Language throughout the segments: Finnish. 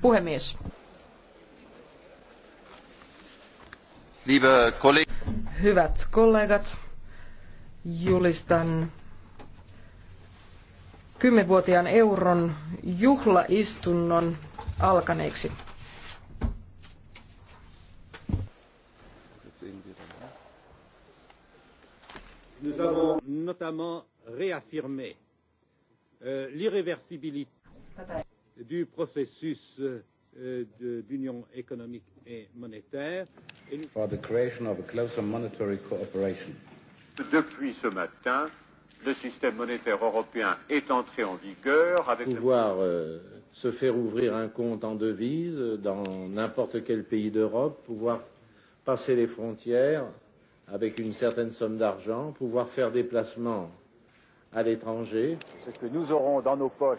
Puhemies. Hyvät kollegat, julistan kymmenvuotiaan euron juhlaistunnon alkaneeksi. Nous avons notamment réaffirmé euh, l'irréversibilité du processus euh, de économique et monétaire. Et nous... For the creation of a closer monetary cooperation. Depuis ce matin, le système monétaire européen est entré en vigueur avec pouvoir euh, se faire ouvrir un compte en devise dans n'importe quel pays d'Europe, pouvoir passer les frontières avec une certaine somme d'argent, pouvoir faire des placements à l'étranger. Ce que nous aurons dans nos poches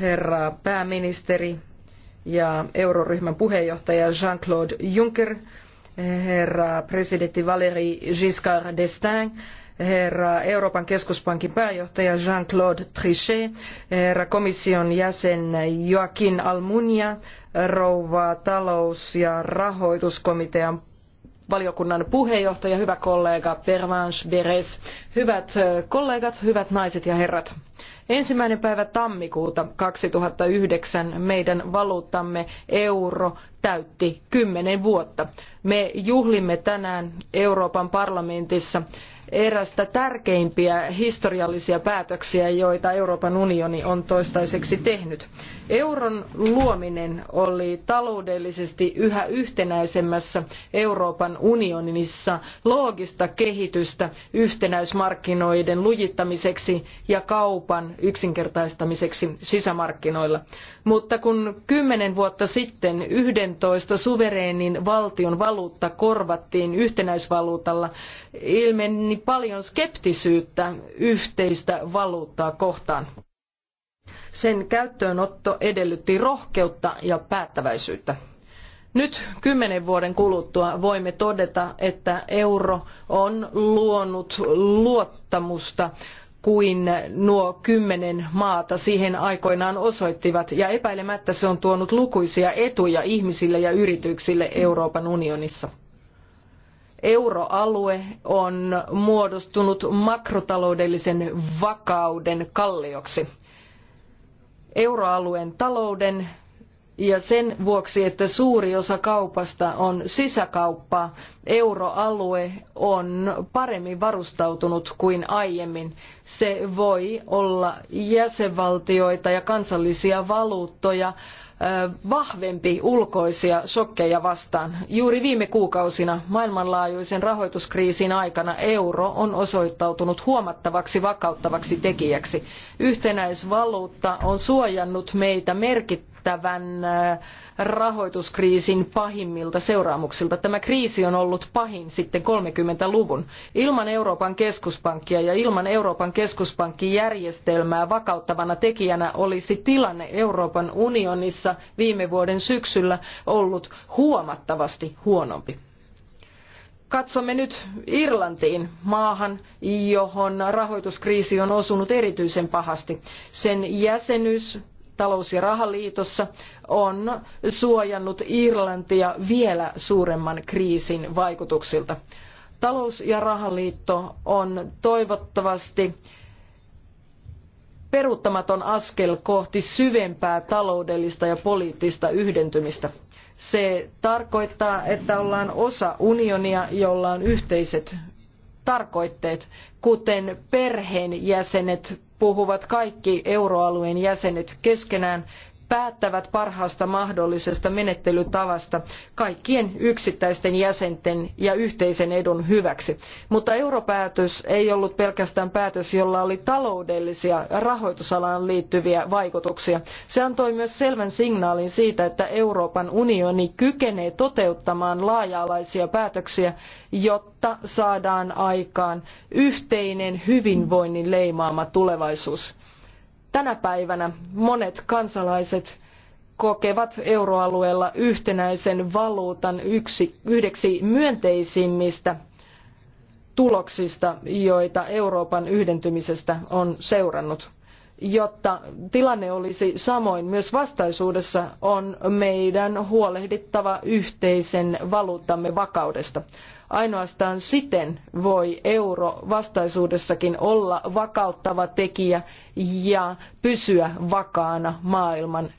Herra pääministeri ja euroryhmän puheenjohtaja Jean-Claude Juncker, herra presidentti Valéry Giscard d'Estaing, herra Euroopan keskuspankin pääjohtaja Jean-Claude Trichet, herra komission jäsen joaqun Almunia, rouva talous- ja rahoituskomitean valiokunnan puheenjohtaja, hyvä kollega Pervanche Beres. Hyvät kollegat, hyvät naiset ja herrat. Ensimmäinen päivä tammikuuta 2009 meidän valuuttamme euro täytti kymmenen vuotta. Me juhlimme tänään Euroopan parlamentissa erästä tärkeimpiä historiallisia päätöksiä, joita Euroopan unioni on toistaiseksi tehnyt. Euron luominen oli taloudellisesti yhä yhtenäisemmässä Euroopan unionissa loogista kehitystä yhtenäismarkkinoiden lujittamiseksi ja kaupan yksinkertaistamiseksi sisämarkkinoilla. Mutta kun kymmenen vuotta sitten 11 suvereenin valtion valuutta korvattiin yhtenäisvaluutalla, ilmeni paljon skeptisyyttä yhteistä valuuttaa kohtaan. Sen käyttöönotto edellytti rohkeutta ja päättäväisyyttä. Nyt kymmenen vuoden kuluttua voimme todeta, että euro on luonut luottamusta kuin nuo kymmenen maata siihen aikoinaan osoittivat, ja epäilemättä se on tuonut lukuisia etuja ihmisille ja yrityksille Euroopan unionissa. Euroalue on muodostunut makrotaloudellisen vakauden kallioksi. Euroalueen talouden ja sen vuoksi, että suuri osa kaupasta on sisäkauppaa, euroalue on paremmin varustautunut kuin aiemmin. Se voi olla jäsenvaltioita ja kansallisia valuuttoja vahvempi ulkoisia shokkeja vastaan. Juuri viime kuukausina maailmanlaajuisen rahoituskriisin aikana euro on osoittautunut huomattavaksi vakauttavaksi tekijäksi. Yhtenäisvaluutta on suojannut meitä merkittävästi välttävän rahoituskriisin pahimmilta seuraamuksilta. Tämä kriisi on ollut pahin sitten 30-luvun. Ilman Euroopan keskuspankkia ja ilman Euroopan keskuspankkijärjestelmää vakauttavana tekijänä olisi tilanne Euroopan unionissa viime vuoden syksyllä ollut huomattavasti huonompi. Katsomme nyt Irlantiin, maahan, johon rahoituskriisi on osunut erityisen pahasti. Sen jäsenyys talous- ja rahaliitossa on suojannut Irlantia vielä suuremman kriisin vaikutuksilta. Talous- ja rahaliitto on toivottavasti peruuttamaton askel kohti syvempää taloudellista ja poliittista yhdentymistä. Se tarkoittaa, että ollaan osa unionia, jolla on yhteiset tarkoitteet, kuten perheenjäsenet puhuvat kaikki euroalueen jäsenet keskenään päättävät parhaasta mahdollisesta menettelytavasta kaikkien yksittäisten jäsenten ja yhteisen edun hyväksi. Mutta europäätös ei ollut pelkästään päätös, jolla oli taloudellisia rahoitusalaan liittyviä vaikutuksia. Se antoi myös selvän signaalin siitä, että Euroopan unioni kykenee toteuttamaan laaja-alaisia päätöksiä, jotta saadaan aikaan yhteinen hyvinvoinnin leimaama tulevaisuus. Tänä päivänä monet kansalaiset kokevat euroalueella yhtenäisen valuutan yksi, yhdeksi myönteisimmistä tuloksista, joita Euroopan yhdentymisestä on seurannut. Jotta tilanne olisi samoin myös vastaisuudessa, on meidän huolehdittava yhteisen valuuttamme vakaudesta. Ainoastaan siten voi euro vastaisuudessakin olla vakauttava tekijä ja pysyä vakaana maailman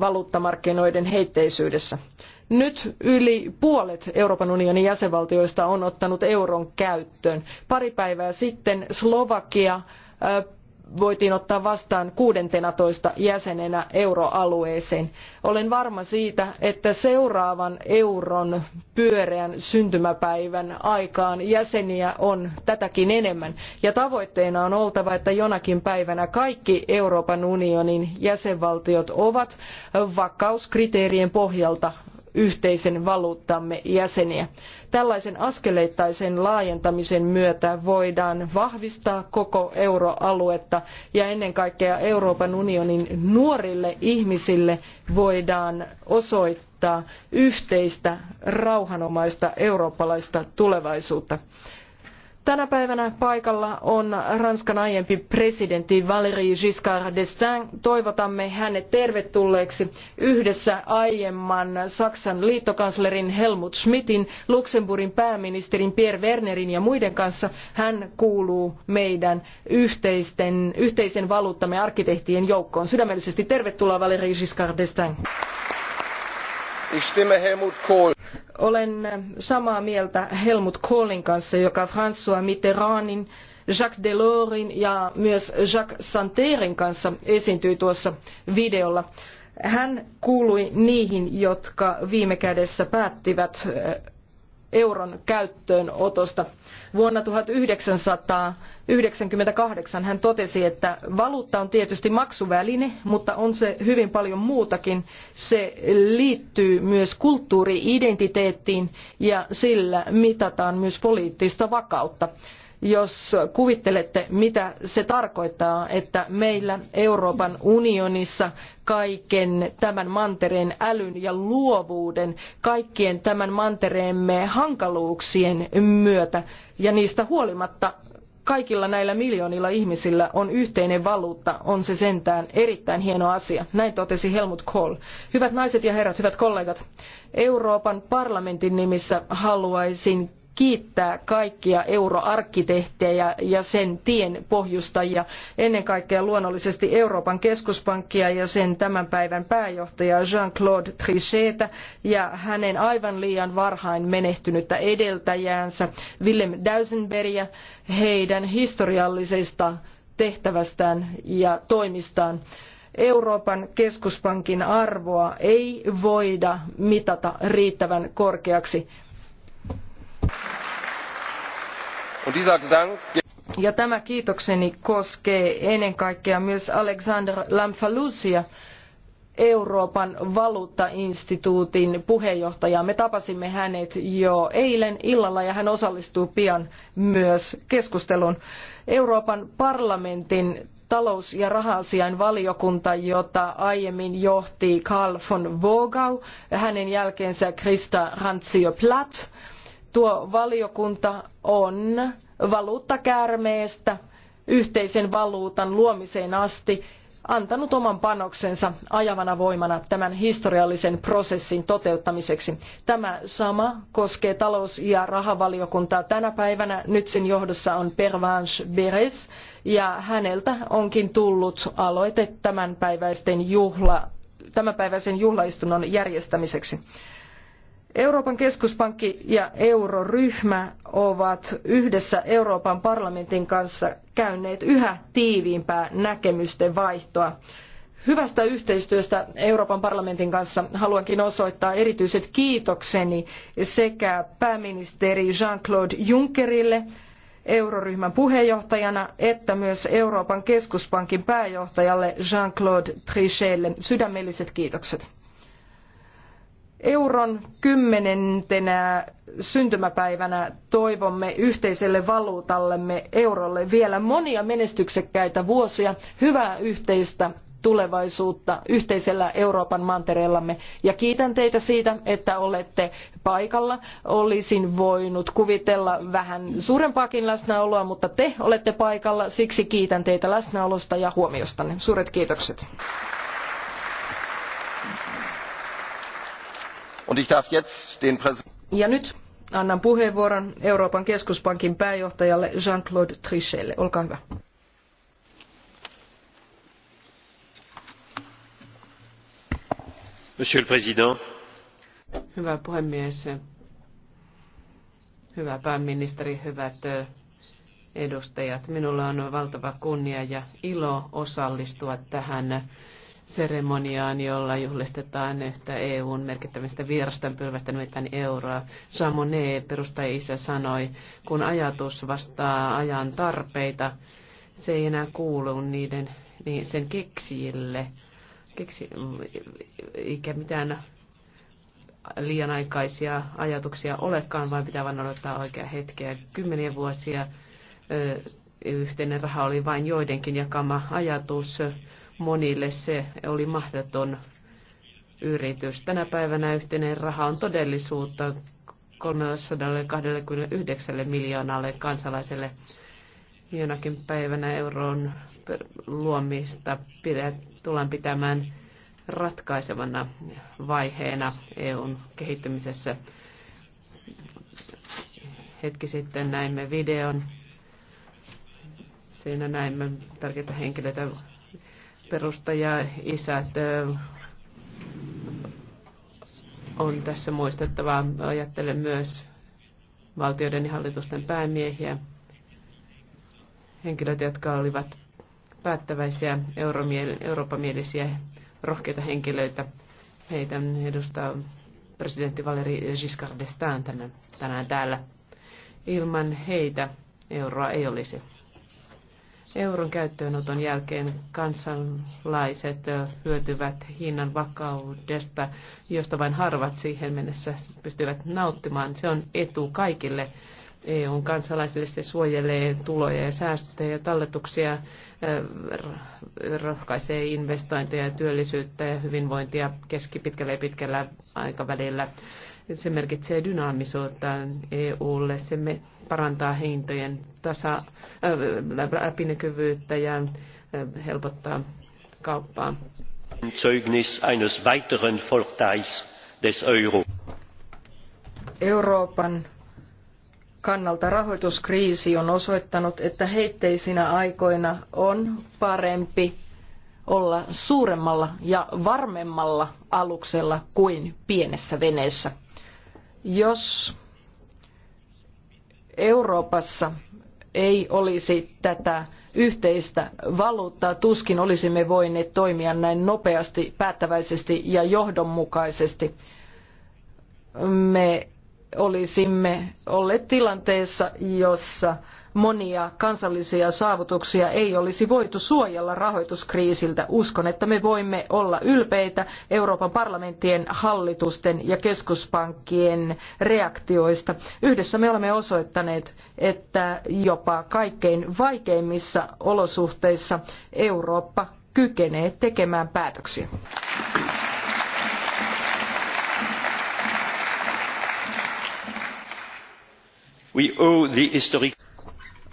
valuuttamarkkinoiden heitteisyydessä. Nyt yli puolet Euroopan unionin jäsenvaltioista on ottanut euron käyttöön. Pari päivää sitten Slovakia voitiin ottaa vastaan 16 jäsenenä euroalueeseen. Olen varma siitä, että seuraavan euron pyöreän syntymäpäivän aikaan jäseniä on tätäkin enemmän. Ja tavoitteena on oltava, että jonakin päivänä kaikki Euroopan unionin jäsenvaltiot ovat vakauskriteerien pohjalta yhteisen valuuttamme jäseniä. Tällaisen askeleittaisen laajentamisen myötä voidaan vahvistaa koko euroaluetta ja ennen kaikkea Euroopan unionin nuorille ihmisille voidaan osoittaa yhteistä rauhanomaista eurooppalaista tulevaisuutta. Tänä päivänä paikalla on Ranskan aiempi presidentti Valéry Giscard d'Estaing. Toivotamme hänet tervetulleeksi yhdessä aiemman Saksan liittokanslerin Helmut Schmidtin, Luxemburgin pääministerin Pierre Wernerin ja muiden kanssa. Hän kuuluu meidän yhteisten, yhteisen valuuttamme arkkitehtien joukkoon. Sydämellisesti tervetuloa Valéry Giscard d'Estaing. Olen samaa mieltä Helmut Kohlin kanssa, joka François Mitterrandin, Jacques Delorsin ja myös Jacques Santerin kanssa esiintyi tuossa videolla. Hän kuului niihin, jotka viime kädessä päättivät euron käyttöönotosta. Vuonna 1998 hän totesi, että valuutta on tietysti maksuväline, mutta on se hyvin paljon muutakin. Se liittyy myös kulttuuriidentiteettiin ja sillä mitataan myös poliittista vakautta jos kuvittelette, mitä se tarkoittaa, että meillä Euroopan unionissa kaiken tämän mantereen älyn ja luovuuden, kaikkien tämän mantereemme hankaluuksien myötä ja niistä huolimatta kaikilla näillä miljoonilla ihmisillä on yhteinen valuutta, on se sentään erittäin hieno asia. Näin totesi Helmut Kohl. Hyvät naiset ja herrat, hyvät kollegat, Euroopan parlamentin nimissä haluaisin kiittää kaikkia euroarkkitehtejä ja sen tien pohjustajia, ennen kaikkea luonnollisesti Euroopan keskuspankkia ja sen tämän päivän pääjohtajaa Jean-Claude Trichetta ja hänen aivan liian varhain menehtynyttä edeltäjäänsä Willem Dausenbergia heidän historiallisesta tehtävästään ja toimistaan. Euroopan keskuspankin arvoa ei voida mitata riittävän korkeaksi Ja tämä kiitokseni koskee ennen kaikkea myös Alexander Lamfalusia, Euroopan valuuttainstituutin puheenjohtajaa. Me tapasimme hänet jo eilen illalla ja hän osallistuu pian myös keskusteluun. Euroopan parlamentin talous- ja raha-asiain valiokunta, jota aiemmin johti Karl von Vogau, hänen jälkeensä Krista Rantzio-Platt, Tuo valiokunta on valuuttakäärmeestä yhteisen valuutan luomiseen asti antanut oman panoksensa ajavana voimana tämän historiallisen prosessin toteuttamiseksi. Tämä sama koskee talous- ja rahavaliokuntaa tänä päivänä. Nyt sen johdossa on Pervanche Beres ja häneltä onkin tullut aloite tämänpäiväisten juhla, tämänpäiväisen juhlaistunnon järjestämiseksi. Euroopan keskuspankki ja euroryhmä ovat yhdessä Euroopan parlamentin kanssa käyneet yhä tiiviimpää näkemysten vaihtoa. Hyvästä yhteistyöstä Euroopan parlamentin kanssa haluankin osoittaa erityiset kiitokseni sekä pääministeri Jean-Claude Junckerille, euroryhmän puheenjohtajana että myös Euroopan keskuspankin pääjohtajalle Jean-Claude Trichelle. Sydämelliset kiitokset. Euron kymmenentenä syntymäpäivänä toivomme yhteiselle valuutallemme eurolle vielä monia menestyksekkäitä vuosia, hyvää yhteistä tulevaisuutta yhteisellä Euroopan mantereellamme. Ja kiitän teitä siitä, että olette paikalla. Olisin voinut kuvitella vähän suurempaakin läsnäoloa, mutta te olette paikalla. Siksi kiitän teitä läsnäolosta ja huomiostanne. Suuret kiitokset. Ja nyt annan puheenvuoron Euroopan keskuspankin pääjohtajalle Jean-Claude trichetlle Olkaa hyvä. Monsieur le Président. Hyvä puhemies, hyvä pääministeri, hyvät edustajat. Minulla on valtava kunnia ja ilo osallistua tähän seremoniaan, jolla juhlistetaan yhtä EUn merkittävistä virstanpylvästä, nimittäin euroa. Samone, perustaja isä sanoi, kun ajatus vastaa ajan tarpeita, se ei enää kuulu niiden, niin sen keksijille. Keksi, eikä mitään liian aikaisia ajatuksia olekaan, vaan pitää vain odottaa oikea hetkeä. Kymmeniä vuosia yhteinen raha oli vain joidenkin jakama ajatus monille se oli mahdoton yritys. Tänä päivänä yhteinen raha on todellisuutta 329 miljoonalle kansalaiselle. Jonakin päivänä euron luomista tullaan pitämään ratkaisevana vaiheena EUn kehittymisessä. Hetki sitten näimme videon. Siinä näimme tärkeitä henkilöitä perustaja isät on tässä muistettava. Ajattelen myös valtioiden ja hallitusten päämiehiä, henkilöt, jotka olivat päättäväisiä, eurooppamielisiä, rohkeita henkilöitä. Heitä edustaa presidentti Valeri Giscard d'Estaing tänään, tänään täällä. Ilman heitä euroa ei olisi. Euron käyttöönoton jälkeen kansalaiset hyötyvät hinnan vakaudesta, josta vain harvat siihen mennessä pystyvät nauttimaan. Se on etu kaikille EUn kansalaisille. Se suojelee tuloja ja säästöjä ja talletuksia, rohkaisee investointeja, työllisyyttä ja hyvinvointia keskipitkällä ja pitkällä aikavälillä se merkitsee dynaamisuutta EUlle, se me parantaa hintojen tasa, äh, läpinäkyvyyttä ja äh, helpottaa kauppaa. Zeugnis eines weiteren Vorteils des Euro. Euroopan kannalta rahoituskriisi on osoittanut, että heitteisinä aikoina on parempi olla suuremmalla ja varmemmalla aluksella kuin pienessä veneessä. Jos Euroopassa ei olisi tätä yhteistä valuuttaa, tuskin olisimme voineet toimia näin nopeasti, päättäväisesti ja johdonmukaisesti. Me olisimme olleet tilanteessa, jossa monia kansallisia saavutuksia ei olisi voitu suojella rahoituskriisiltä. Uskon, että me voimme olla ylpeitä Euroopan parlamenttien, hallitusten ja keskuspankkien reaktioista. Yhdessä me olemme osoittaneet, että jopa kaikkein vaikeimmissa olosuhteissa Eurooppa kykenee tekemään päätöksiä. We owe the historic...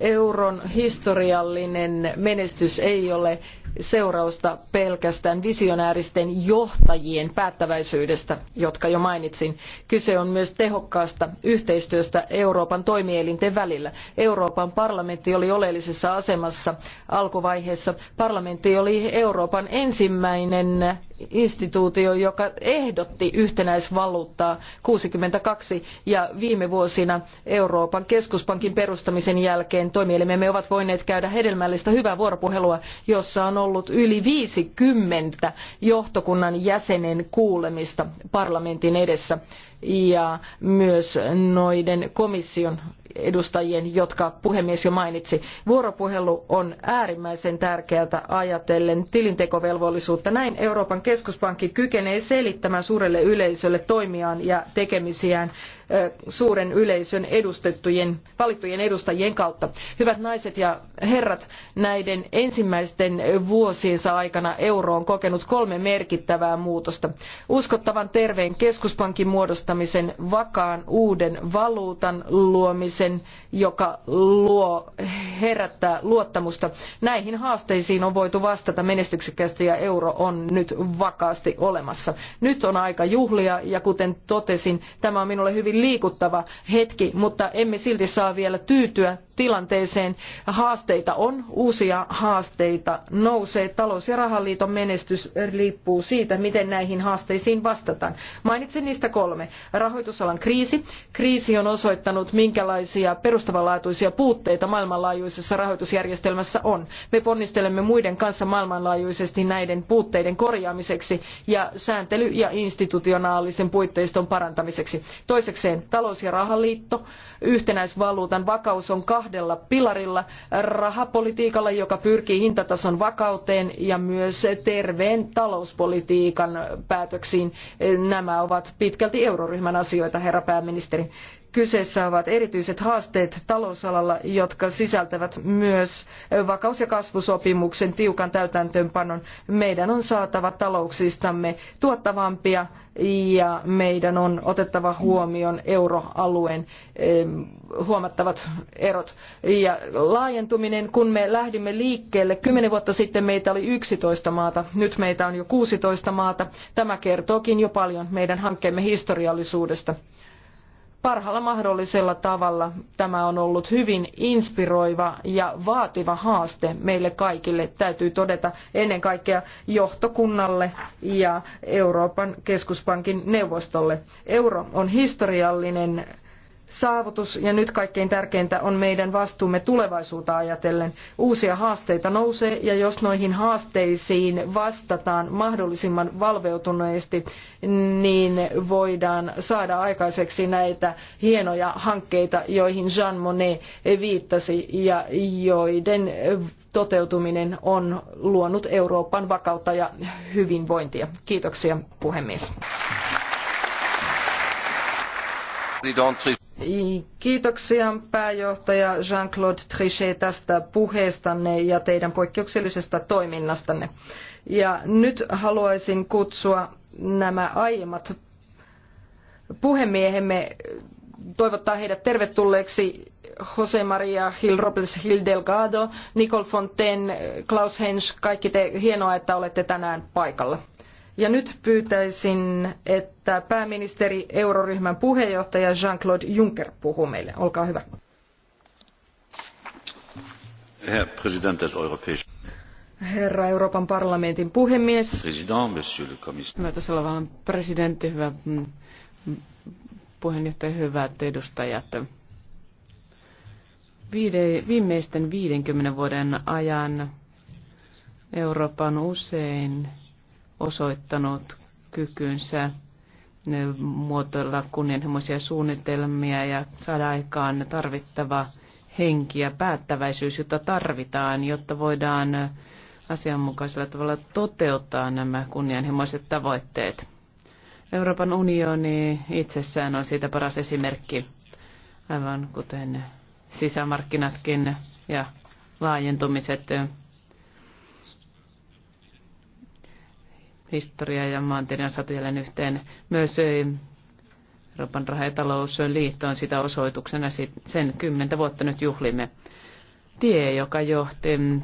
euron historiallinen menestys ei ole seurausta pelkästään visionääristen johtajien päättäväisyydestä, jotka jo mainitsin. Kyse on myös tehokkaasta yhteistyöstä Euroopan toimielinten välillä. Euroopan parlamentti oli oleellisessa asemassa alkuvaiheessa. Parlamentti oli Euroopan ensimmäinen instituutio, joka ehdotti yhtenäisvaluuttaa 62 ja viime vuosina Euroopan keskuspankin perustamisen jälkeen toimielimemme ovat voineet käydä hedelmällistä hyvää vuoropuhelua, jossa on ollut yli 50 johtokunnan jäsenen kuulemista parlamentin edessä ja myös noiden komission edustajien, jotka puhemies jo mainitsi. Vuoropuhelu on äärimmäisen tärkeää ajatellen tilintekovelvollisuutta. Näin Euroopan keskuspankki kykenee selittämään suurelle yleisölle toimiaan ja tekemisiään suuren yleisön edustettujen, valittujen edustajien kautta. Hyvät naiset ja herrat, näiden ensimmäisten vuosiensa aikana euro on kokenut kolme merkittävää muutosta. Uskottavan terveen keskuspankin muodosta perustamisen, vakaan uuden valuutan luomisen, joka luo, herättää luottamusta. Näihin haasteisiin on voitu vastata menestyksekkäästi ja euro on nyt vakaasti olemassa. Nyt on aika juhlia ja kuten totesin, tämä on minulle hyvin liikuttava hetki, mutta emme silti saa vielä tyytyä tilanteeseen. Haasteita on, uusia haasteita nousee. Talous- ja rahaliiton menestys riippuu siitä, miten näihin haasteisiin vastataan. Mainitsen niistä kolme. Rahoitusalan kriisi. Kriisi on osoittanut, minkälaisia perustavanlaatuisia puutteita maailmanlaajuisessa rahoitusjärjestelmässä on. Me ponnistelemme muiden kanssa maailmanlaajuisesti näiden puutteiden korjaamiseksi ja sääntely- ja institutionaalisen puitteiston parantamiseksi. Toisekseen talous- ja rahaliitto. Yhtenäisvaluutan vakaus on kah kahdella pilarilla, rahapolitiikalla, joka pyrkii hintatason vakauteen ja myös terveen talouspolitiikan päätöksiin. Nämä ovat pitkälti euroryhmän asioita, herra pääministeri. Kyseessä ovat erityiset haasteet talousalalla, jotka sisältävät myös vakaus- ja kasvusopimuksen tiukan täytäntöönpanon. Meidän on saatava talouksistamme tuottavampia ja meidän on otettava huomioon euroalueen huomattavat erot. Ja laajentuminen, kun me lähdimme liikkeelle, kymmenen vuotta sitten meitä oli 11 maata, nyt meitä on jo 16 maata. Tämä kertookin jo paljon meidän hankkeemme historiallisuudesta parhaalla mahdollisella tavalla. Tämä on ollut hyvin inspiroiva ja vaativa haaste meille kaikille, täytyy todeta ennen kaikkea johtokunnalle ja Euroopan keskuspankin neuvostolle. Euro on historiallinen saavutus ja nyt kaikkein tärkeintä on meidän vastuumme tulevaisuutta ajatellen. Uusia haasteita nousee ja jos noihin haasteisiin vastataan mahdollisimman valveutuneesti, niin voidaan saada aikaiseksi näitä hienoja hankkeita, joihin Jean Monnet viittasi ja joiden toteutuminen on luonut Euroopan vakautta ja hyvinvointia. Kiitoksia puhemies. Kiitoksia pääjohtaja Jean-Claude Trichet tästä puheestanne ja teidän poikkeuksellisesta toiminnastanne. Ja nyt haluaisin kutsua nämä aiemmat puhemiehemme, toivottaa heidät tervetulleeksi Jose Maria Gil Robles Gil Delgado, Nicole Fontaine, Klaus Hensch, kaikki te, hienoa, että olette tänään paikalla. Ja nyt pyytäisin, että pääministeri euroryhmän puheenjohtaja Jean-Claude Juncker puhuu meille. Olkaa hyvä. Herr Präsident des Europäischen Herra Euroopan parlamentin puhemies. President, monsieur le commissaire. Hyvä tasavallan presidentti, hyvä mm, puheenjohtaja, hyvät edustajat. Viide, viimeisten 50 vuoden ajan Eurooppa on usein osoittanut kykynsä muotoilla kunnianhimoisia suunnitelmia ja saada aikaan tarvittava henki ja päättäväisyys, jota tarvitaan, jotta voidaan asianmukaisella tavalla toteuttaa nämä kunnianhimoiset tavoitteet. Euroopan unioni itsessään on siitä paras esimerkki, aivan kuten sisämarkkinatkin ja laajentumiset historia ja maantiede on yhteen. Myös Euroopan raha- ja talousliitto on sitä osoituksena, sen kymmentä vuotta nyt juhlimme. Tie, joka johti mm,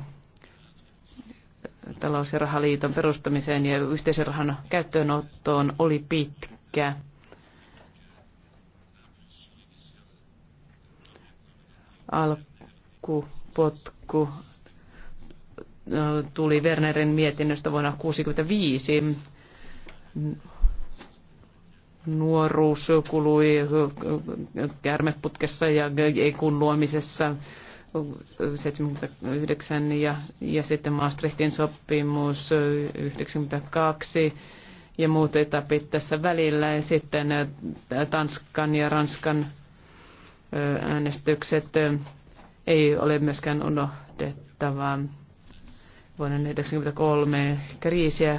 talous- ja rahaliiton perustamiseen ja yhteisen rahan käyttöönottoon, oli pitkä. Alkupotku tuli Wernerin mietinnöstä vuonna 1965. Nuoruus kului kärmeputkessa ja EKUn luomisessa 79 ja, ja sitten Maastrichtin sopimus 92 ja muut etapit tässä välillä ja sitten äh, Tanskan ja Ranskan äh, äänestykset ei ole myöskään unohdettavaa vuonna 1993 kriisiä.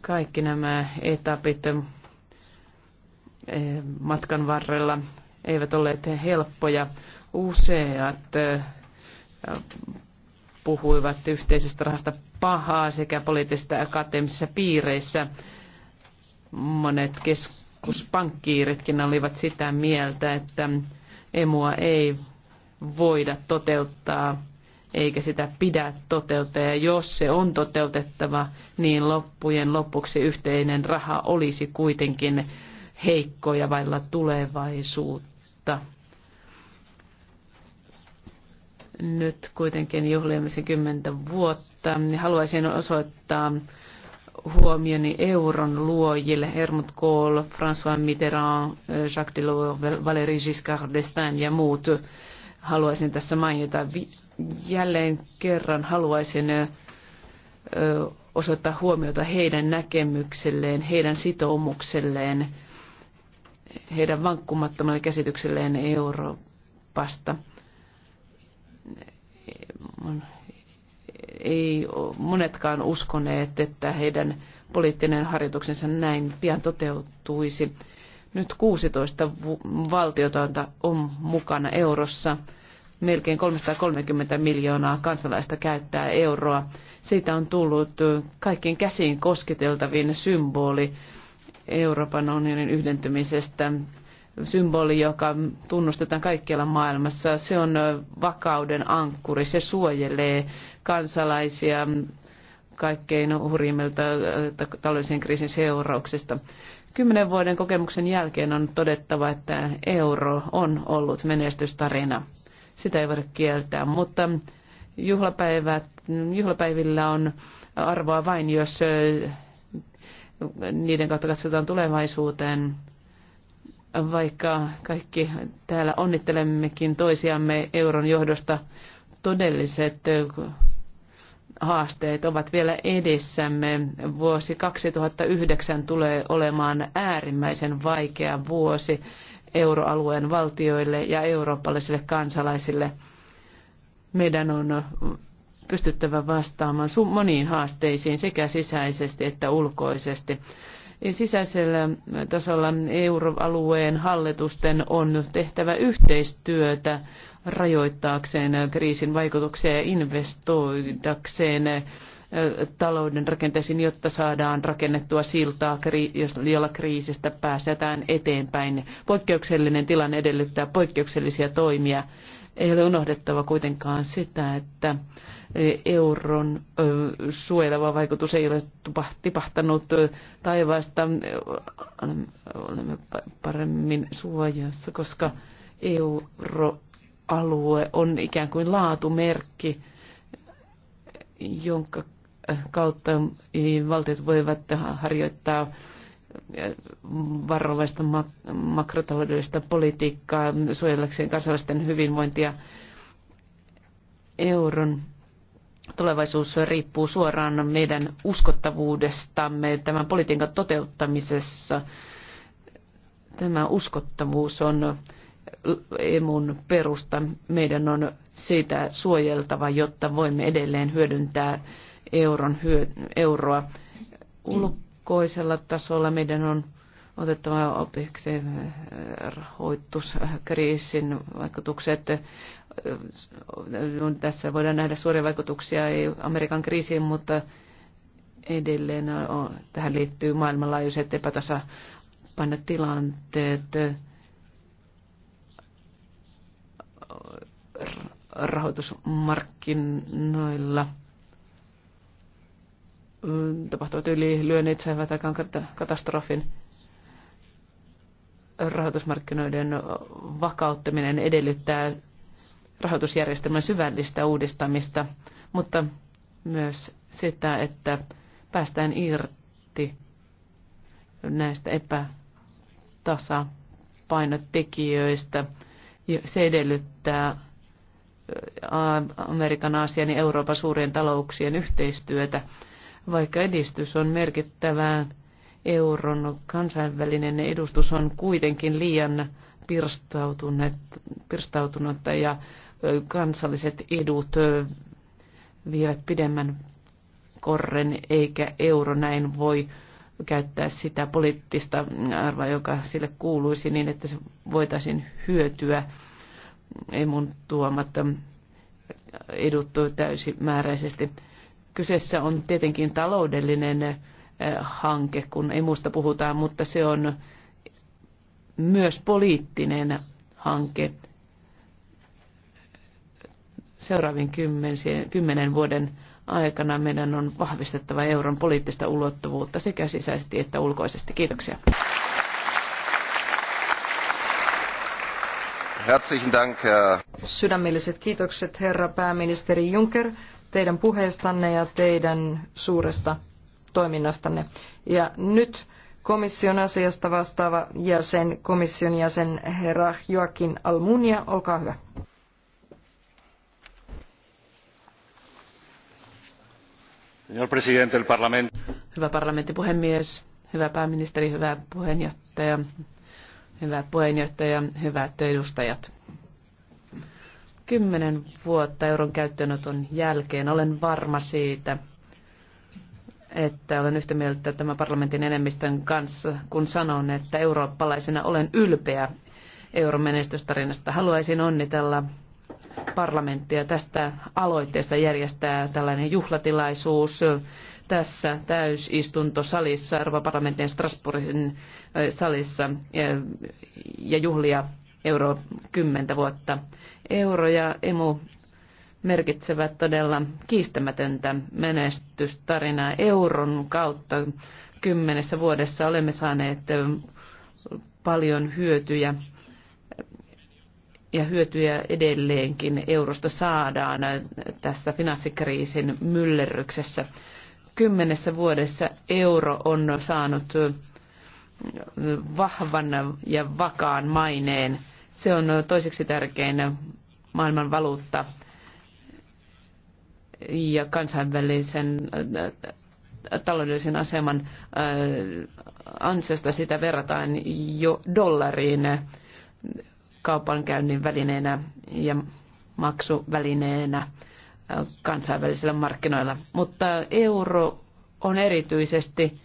Kaikki nämä etapit eh, matkan varrella eivät olleet helppoja. Useat eh, puhuivat yhteisestä rahasta pahaa sekä poliittisissa akateemisissa piireissä. Monet keskuspankkiiritkin olivat sitä mieltä, että emua ei voida toteuttaa eikä sitä pidä toteuttaa. Ja jos se on toteutettava, niin loppujen lopuksi yhteinen raha olisi kuitenkin heikko ja vailla tulevaisuutta. Nyt kuitenkin juhliamme kymmentä vuotta. Haluaisin osoittaa huomioni euron luojille, Hermut Kohl, François Mitterrand, Jacques Delors, Valéry Giscard d'Estaing ja muut. Haluaisin tässä mainita jälleen kerran haluaisin osoittaa huomiota heidän näkemykselleen, heidän sitoumukselleen, heidän vankkumattomalle käsitykselleen Euroopasta. Ei monetkaan uskoneet, että heidän poliittinen harjoituksensa näin pian toteutuisi. Nyt 16 valtiota on mukana eurossa melkein 330 miljoonaa kansalaista käyttää euroa. Siitä on tullut kaikkien käsiin kosketeltavin symboli Euroopan unionin yhdentymisestä. Symboli, joka tunnustetaan kaikkialla maailmassa. Se on vakauden ankkuri. Se suojelee kansalaisia kaikkein hurjimmilta äh, taloudellisen kriisin seurauksista. Kymmenen vuoden kokemuksen jälkeen on todettava, että euro on ollut menestystarina sitä ei voida kieltää, mutta juhlapäivät, juhlapäivillä on arvoa vain, jos niiden kautta katsotaan tulevaisuuteen. Vaikka kaikki täällä onnittelemmekin toisiamme euron johdosta, todelliset haasteet ovat vielä edessämme. Vuosi 2009 tulee olemaan äärimmäisen vaikea vuosi euroalueen valtioille ja eurooppalaisille kansalaisille. Meidän on pystyttävä vastaamaan moniin haasteisiin sekä sisäisesti että ulkoisesti. Sisäisellä tasolla euroalueen hallitusten on tehtävä yhteistyötä rajoittaakseen kriisin vaikutuksia ja investoidakseen talouden rakenteisiin, jotta saadaan rakennettua siltaa, jolla kriisistä pääsetään eteenpäin. Poikkeuksellinen tilanne edellyttää poikkeuksellisia toimia. Ei ole unohdettava kuitenkaan sitä, että euron suojeleva vaikutus ei ole tipahtanut taivaasta. Olemme paremmin suojassa, koska euroalue on ikään kuin laatumerkki jonka kautta valtiot voivat harjoittaa eh, varovaista mak- makrotaloudellista politiikkaa suojellakseen kansalaisten hyvinvointia. Euron tulevaisuus riippuu suoraan meidän uskottavuudestamme tämän politiikan toteuttamisessa. Tämä uskottavuus on emun perusta. Meidän on siitä suojeltava, jotta voimme edelleen hyödyntää euron hyö, euroa. Ulkoisella tasolla meidän on otettava opiksi äh, rahoituskriisin vaikutukset. Äh, tässä voidaan nähdä suuria vaikutuksia Amerikan kriisiin, mutta edelleen on, tähän liittyy maailmanlaajuiset epätasapainotilanteet. rahoitusmarkkinoilla – tapahtuvat ylilyönnit saivat aikaan katastrofin. Rahoitusmarkkinoiden vakauttaminen edellyttää rahoitusjärjestelmän syvällistä uudistamista, mutta myös sitä, että päästään irti näistä epätasapainotekijöistä. Se edellyttää Amerikan, Aasian ja Euroopan suurien talouksien yhteistyötä vaikka edistys on merkittävää, euron kansainvälinen edustus on kuitenkin liian pirstautunutta ja kansalliset edut vievät pidemmän korren, eikä euro näin voi käyttää sitä poliittista arvoa, joka sille kuuluisi, niin että se voitaisiin hyötyä emun tuomat edut täysimääräisesti. Kyseessä on tietenkin taloudellinen eh, hanke, kun ei muusta puhutaan, mutta se on myös poliittinen hanke seuraavien kymmenen vuoden aikana meidän on vahvistettava euron poliittista ulottuvuutta sekä sisäisesti että ulkoisesti. Kiitoksia. Herzlichen Dank, Sydämelliset kiitokset, herra pääministeri Juncker teidän puheestanne ja teidän suuresta toiminnastanne. Ja nyt komission asiasta vastaava jäsen, komission jäsen herra Joakin Almunia, olkaa hyvä. Hyvä parlamentin puhemies, hyvä pääministeri, hyvä puheenjohtaja, hyvä puheenjohtaja, hyvät edustajat kymmenen vuotta euron käyttöönoton jälkeen. Olen varma siitä, että olen yhtä mieltä tämän parlamentin enemmistön kanssa, kun sanon, että eurooppalaisena olen ylpeä euron menestystarinasta. Haluaisin onnitella parlamenttia tästä aloitteesta järjestää tällainen juhlatilaisuus tässä täysistuntosalissa, Euroopan parlamentin Strasbourgin salissa ja juhlia Euro 10 vuotta. Euro ja emu merkitsevät todella kiistämätöntä menestystarinaa. Euron kautta kymmenessä vuodessa olemme saaneet paljon hyötyjä ja hyötyjä edelleenkin eurosta saadaan tässä finanssikriisin myllerryksessä. Kymmenessä vuodessa euro on saanut vahvan ja vakaan maineen se on toiseksi tärkein maailman valuutta ja kansainvälisen äh, taloudellisen aseman äh, ansiosta sitä verrataan jo dollariin kaupankäynnin välineenä ja maksuvälineenä äh, kansainvälisillä markkinoilla. Mutta euro on erityisesti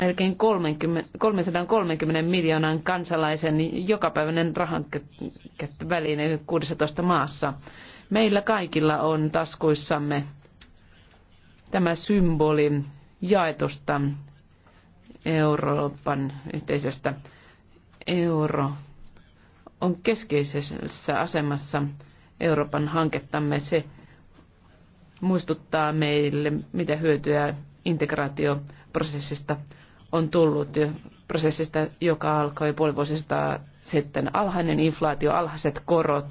melkein 30, 330 miljoonan kansalaisen jokapäiväinen rahankäyttöväline 16 maassa. Meillä kaikilla on taskuissamme tämä symboli jaetusta Euroopan yhteisöstä. Euro on keskeisessä asemassa Euroopan hankettamme. Se muistuttaa meille, mitä hyötyä integraatioprosessista on tullut prosessista, joka alkoi puoli vuosista sitten. Alhainen inflaatio, alhaiset korot,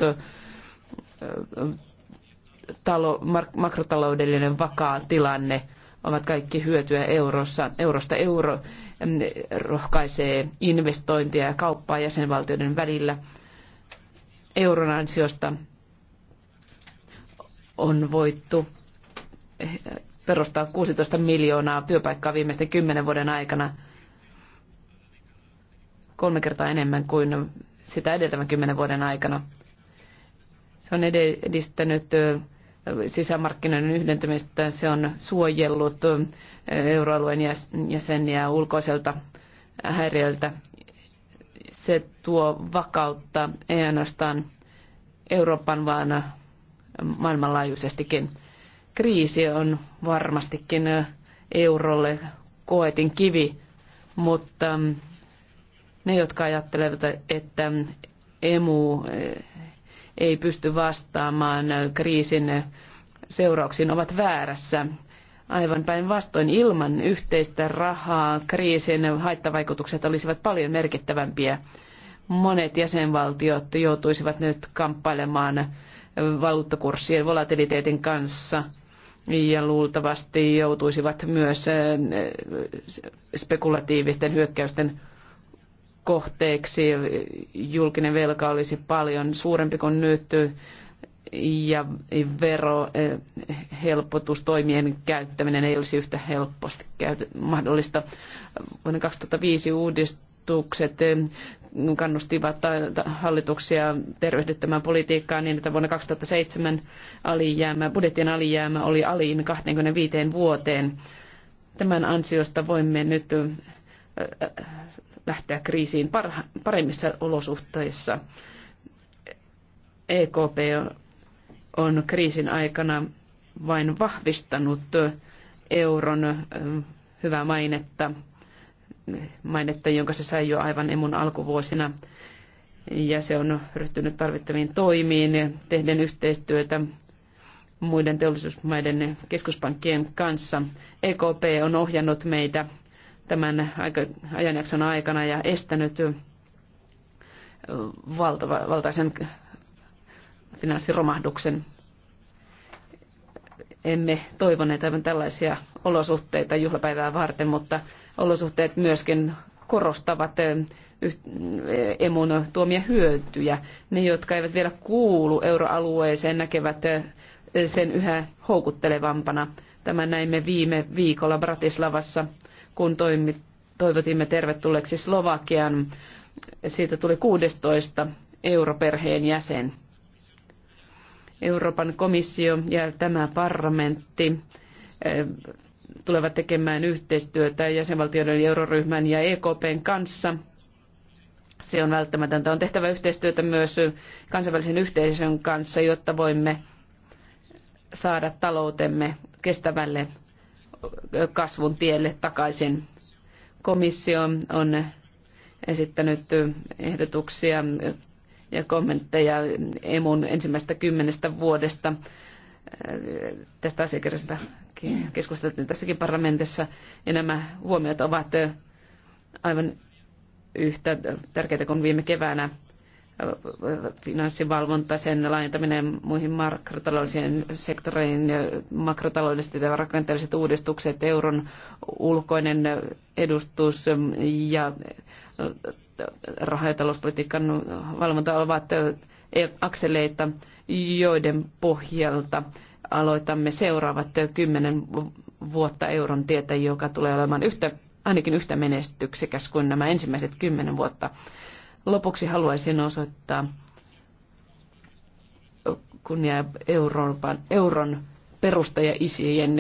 talo, makrotaloudellinen vakaa tilanne ovat kaikki hyötyä eurossa. Eurosta euro rohkaisee investointia ja kauppaa jäsenvaltioiden välillä. Euron ansiosta on voittu perustaa 16 miljoonaa työpaikkaa viimeisten kymmenen vuoden aikana. Kolme kertaa enemmän kuin sitä edeltävän kymmenen vuoden aikana. Se on edistänyt sisämarkkinoiden yhdentymistä, se on suojellut euroalueen jäseniä ulkoiselta häiriöltä. Se tuo vakautta ei ainoastaan Euroopan, vaan maailmanlaajuisestikin kriisi on varmastikin eurolle koetin kivi, mutta ne, jotka ajattelevat, että emu ei pysty vastaamaan kriisin seurauksiin, ovat väärässä. Aivan päinvastoin ilman yhteistä rahaa kriisin haittavaikutukset olisivat paljon merkittävämpiä. Monet jäsenvaltiot joutuisivat nyt kamppailemaan valuuttakurssien volatiliteetin kanssa – ja luultavasti joutuisivat myös eh, spekulatiivisten hyökkäysten kohteeksi. Julkinen velka olisi paljon suurempi kuin nyt ja verohelpotustoimien eh, käyttäminen ei olisi yhtä helposti mahdollista. Vuonna 2005 uudistus hallitukset eh, kannustivat hallituksia tervehdyttämään politiikkaa niin, että vuonna 2007 alijäämä, budjetin alijäämä oli aliin 25 vuoteen. Tämän ansiosta voimme nyt eh, lähteä kriisiin paremmissa olosuhteissa. EKP on kriisin aikana vain vahvistanut euron eh, hyvää mainetta mainetta, jonka se sai jo aivan emun alkuvuosina. Ja se on ryhtynyt tarvittaviin toimiin, tehden yhteistyötä muiden teollisuusmaiden keskuspankkien kanssa. EKP on ohjannut meitä tämän ajanjakson aikana ja estänyt valtava, valtaisen finanssiromahduksen. Emme toivoneet aivan tällaisia olosuhteita juhlapäivää varten, mutta olosuhteet myöskin korostavat emun tuomia hyötyjä. Ne, jotka eivät vielä kuulu euroalueeseen, näkevät sen yhä houkuttelevampana. Tämän näimme viime viikolla Bratislavassa, kun toivotimme tervetulleeksi Slovakian. Siitä tuli 16 europerheen jäsen. Euroopan komissio ja tämä parlamentti tulevat tekemään yhteistyötä jäsenvaltioiden euroryhmän ja EKPn kanssa. Se on välttämätöntä. On tehtävä yhteistyötä myös kansainvälisen yhteisön kanssa, jotta voimme saada taloutemme kestävälle kasvun tielle takaisin. Komissio on esittänyt ehdotuksia ja kommentteja emun ensimmäistä kymmenestä vuodesta tästä asiakirjasta keskusteltiin tässäkin parlamentissa, ja nämä huomiot ovat aivan yhtä tärkeitä kuin viime keväänä finanssivalvonta, sen laajentaminen muihin makrotaloudellisiin sektoreihin, makrotaloudelliset ja rakenteelliset uudistukset, euron ulkoinen edustus ja raha- ja talouspolitiikan valvonta ovat E, akseleita, joiden pohjalta aloitamme seuraavat kymmenen vuotta euron tietä, joka tulee olemaan yhtä, ainakin yhtä menestyksekäs kuin nämä ensimmäiset kymmenen vuotta. Lopuksi haluaisin osoittaa kunnia Euroopan, euron perustajaisien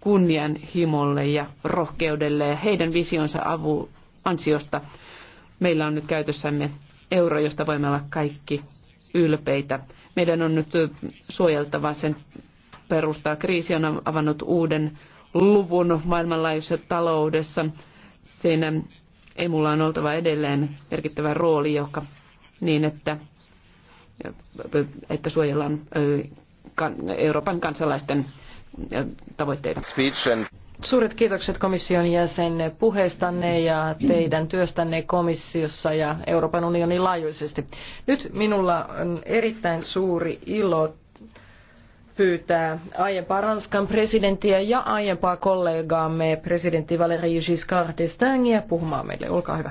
kunnianhimolle ja rohkeudelle ja heidän visionsa avu, ansiosta meillä on nyt käytössämme euro, josta voimme olla kaikki ylpeitä. Meidän on nyt suojeltava sen perustaa. Kriisi on avannut uuden luvun maailmanlaajuisessa taloudessa. Siinä emulla on oltava edelleen merkittävä rooli, joka niin, että, että suojellaan Euroopan kansalaisten tavoitteita. Suuret kiitokset komission jäsen puheestanne ja teidän työstänne komissiossa ja Euroopan unionin laajuisesti. Nyt minulla on erittäin suuri ilo pyytää aiempaa Ranskan presidenttiä ja aiempaa kollegaamme presidentti Valéry Giscard d'Estaingia puhumaan meille. Olkaa hyvä.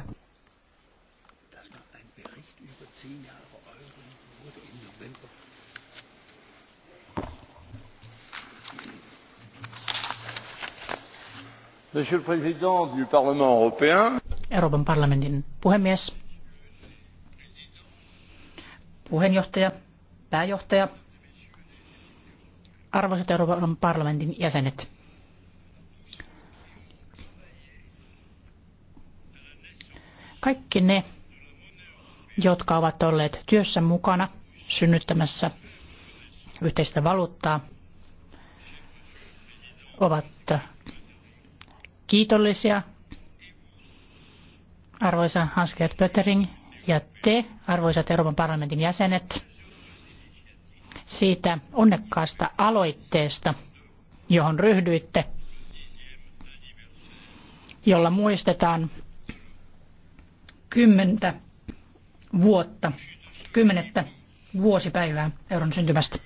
Monsieur le Président du Parlement européen. Euroopan parlamentin puhemies, puheenjohtaja, pääjohtaja, arvoisat Euroopan parlamentin jäsenet. Kaikki ne, jotka ovat olleet työssä mukana synnyttämässä yhteistä valuuttaa, ovat kiitollisia, arvoisa hans gert Pöttering ja te, arvoisat Euroopan parlamentin jäsenet, siitä onnekkaasta aloitteesta, johon ryhdyitte, jolla muistetaan kymmentä vuotta, kymmenettä vuosipäivää euron syntymästä.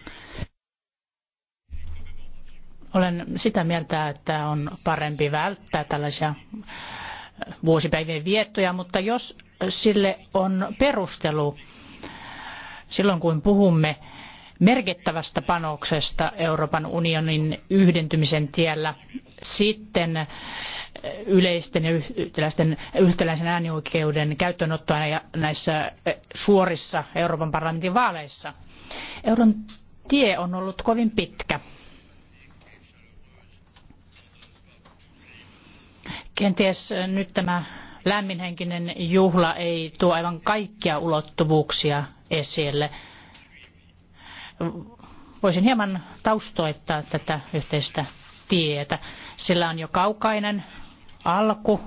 Olen sitä mieltä, että on parempi välttää tällaisia äh, vuosipäivien viettoja, mutta jos sille on perustelu, silloin kun puhumme merkittävästä panoksesta Euroopan unionin yhdentymisen tiellä, sitten äh, yleisten ja yhtäläisten, yhtäläisen äänioikeuden käyttöönottoa näissä äh, suorissa Euroopan parlamentin vaaleissa. Euron tie on ollut kovin pitkä Kenties nyt tämä lämminhenkinen juhla ei tuo aivan kaikkia ulottuvuuksia esille. Voisin hieman taustoittaa tätä yhteistä tietä. Sillä on jo kaukainen alku.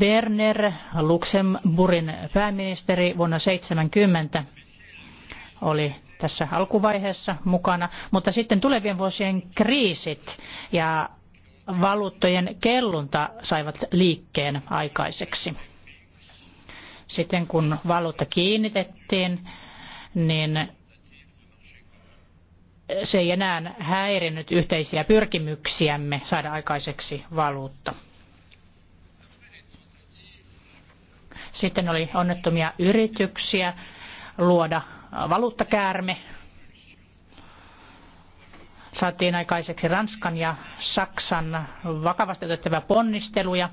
Werner, Luxemburgin pääministeri vuonna 1970 oli tässä alkuvaiheessa mukana, mutta sitten tulevien vuosien kriisit ja valuuttojen kellunta saivat liikkeen aikaiseksi. Sitten kun valuutta kiinnitettiin, niin se ei enää häirinyt yhteisiä pyrkimyksiämme saada aikaiseksi valuutta. Sitten oli onnettomia yrityksiä luoda valuuttakäärme saatiin aikaiseksi Ranskan ja Saksan vakavasti otettavia ponnisteluja.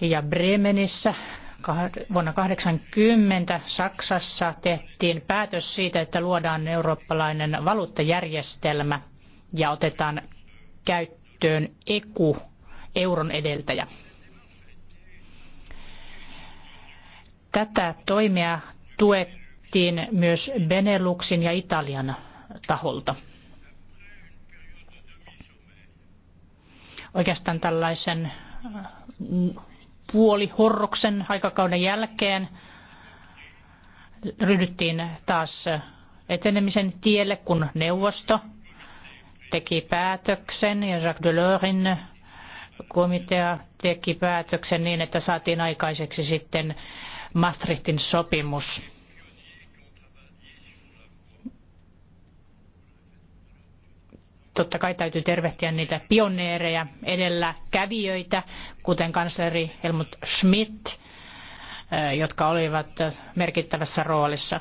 Ja Bremenissä vuonna 1980 Saksassa tehtiin päätös siitä, että luodaan eurooppalainen valuuttajärjestelmä ja otetaan käyttöön EKU, euron edeltäjä. Tätä toimia tuettiin tehtiin myös Beneluxin ja Italian taholta. Oikeastaan tällaisen äh, puolihorroksen aikakauden jälkeen ryhdyttiin taas etenemisen tielle, kun neuvosto teki päätöksen ja Jacques Delorsin komitea teki päätöksen niin, että saatiin aikaiseksi sitten Maastrichtin sopimus. totta kai täytyy tervehtiä niitä pioneereja, edelläkävijöitä, kuten kansleri Helmut Schmidt, jotka olivat merkittävässä roolissa.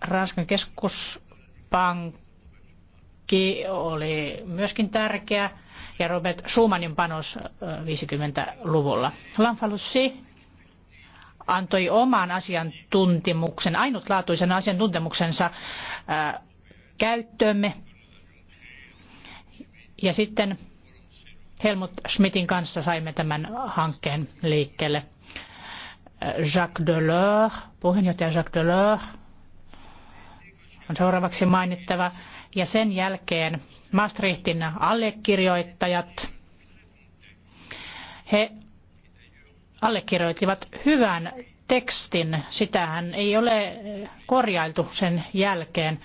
Ranskan keskuspankki oli myöskin tärkeä ja Robert Schumannin panos 50-luvulla. Lanfalussi antoi oman asiantuntemuksen, ainutlaatuisen asiantuntemuksensa käyttöömme ja sitten Helmut Schmidtin kanssa saimme tämän hankkeen liikkeelle. Jacques Delors, puheenjohtaja Jacques Delors on seuraavaksi mainittava. Ja sen jälkeen Maastrichtin allekirjoittajat, he allekirjoittivat hyvän tekstin. Sitähän ei ole korjailtu sen jälkeen.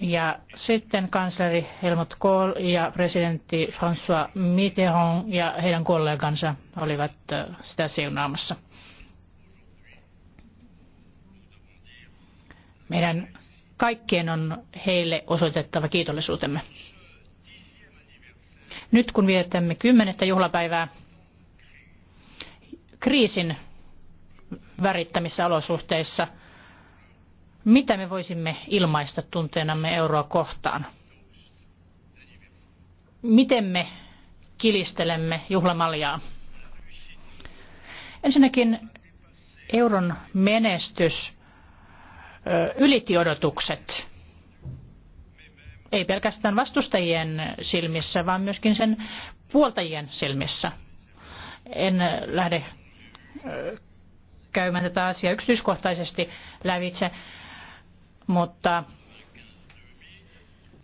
Ja sitten kansleri Helmut Kohl ja presidentti François Mitterrand ja heidän kollegansa olivat sitä siunaamassa. Meidän kaikkien on heille osoitettava kiitollisuutemme. Nyt kun vietämme kymmenettä juhlapäivää kriisin värittämissä olosuhteissa – mitä me voisimme ilmaista tunteenamme euroa kohtaan. Miten me kilistelemme juhlamaljaa? Ensinnäkin euron menestys ylitti odotukset. Ei pelkästään vastustajien silmissä, vaan myöskin sen puoltajien silmissä. En lähde käymään tätä asiaa yksityiskohtaisesti lävitse mutta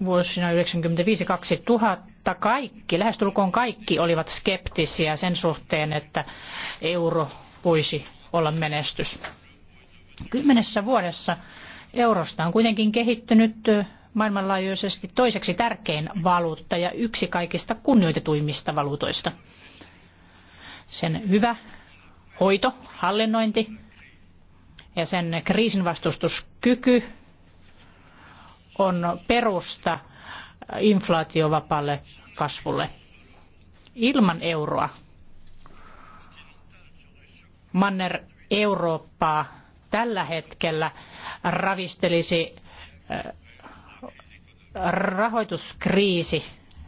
vuosina 1995-2000 kaikki, lähestulkoon kaikki olivat skeptisiä sen suhteen, että euro voisi olla menestys. Kymmenessä vuodessa eurosta on kuitenkin kehittynyt maailmanlaajuisesti toiseksi tärkein valuutta ja yksi kaikista kunnioitetuimmista valuutoista. Sen hyvä hoito, hallinnointi ja sen kriisinvastustuskyky on perusta inflaatiovapaalle kasvulle. Ilman euroa manner Eurooppaa tällä hetkellä ravistelisi äh, rahoituskriisi,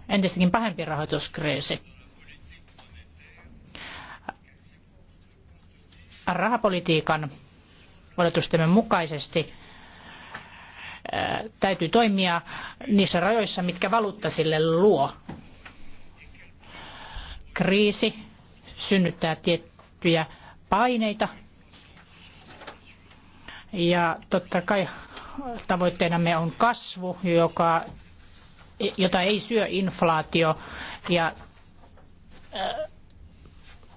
entistäkin pahempi rahoituskriisi. Rahapolitiikan oletustemme mukaisesti täytyy toimia niissä rajoissa, mitkä valuutta sille luo. Kriisi synnyttää tiettyjä paineita ja totta kai tavoitteenamme on kasvu, joka, jota ei syö inflaatio ja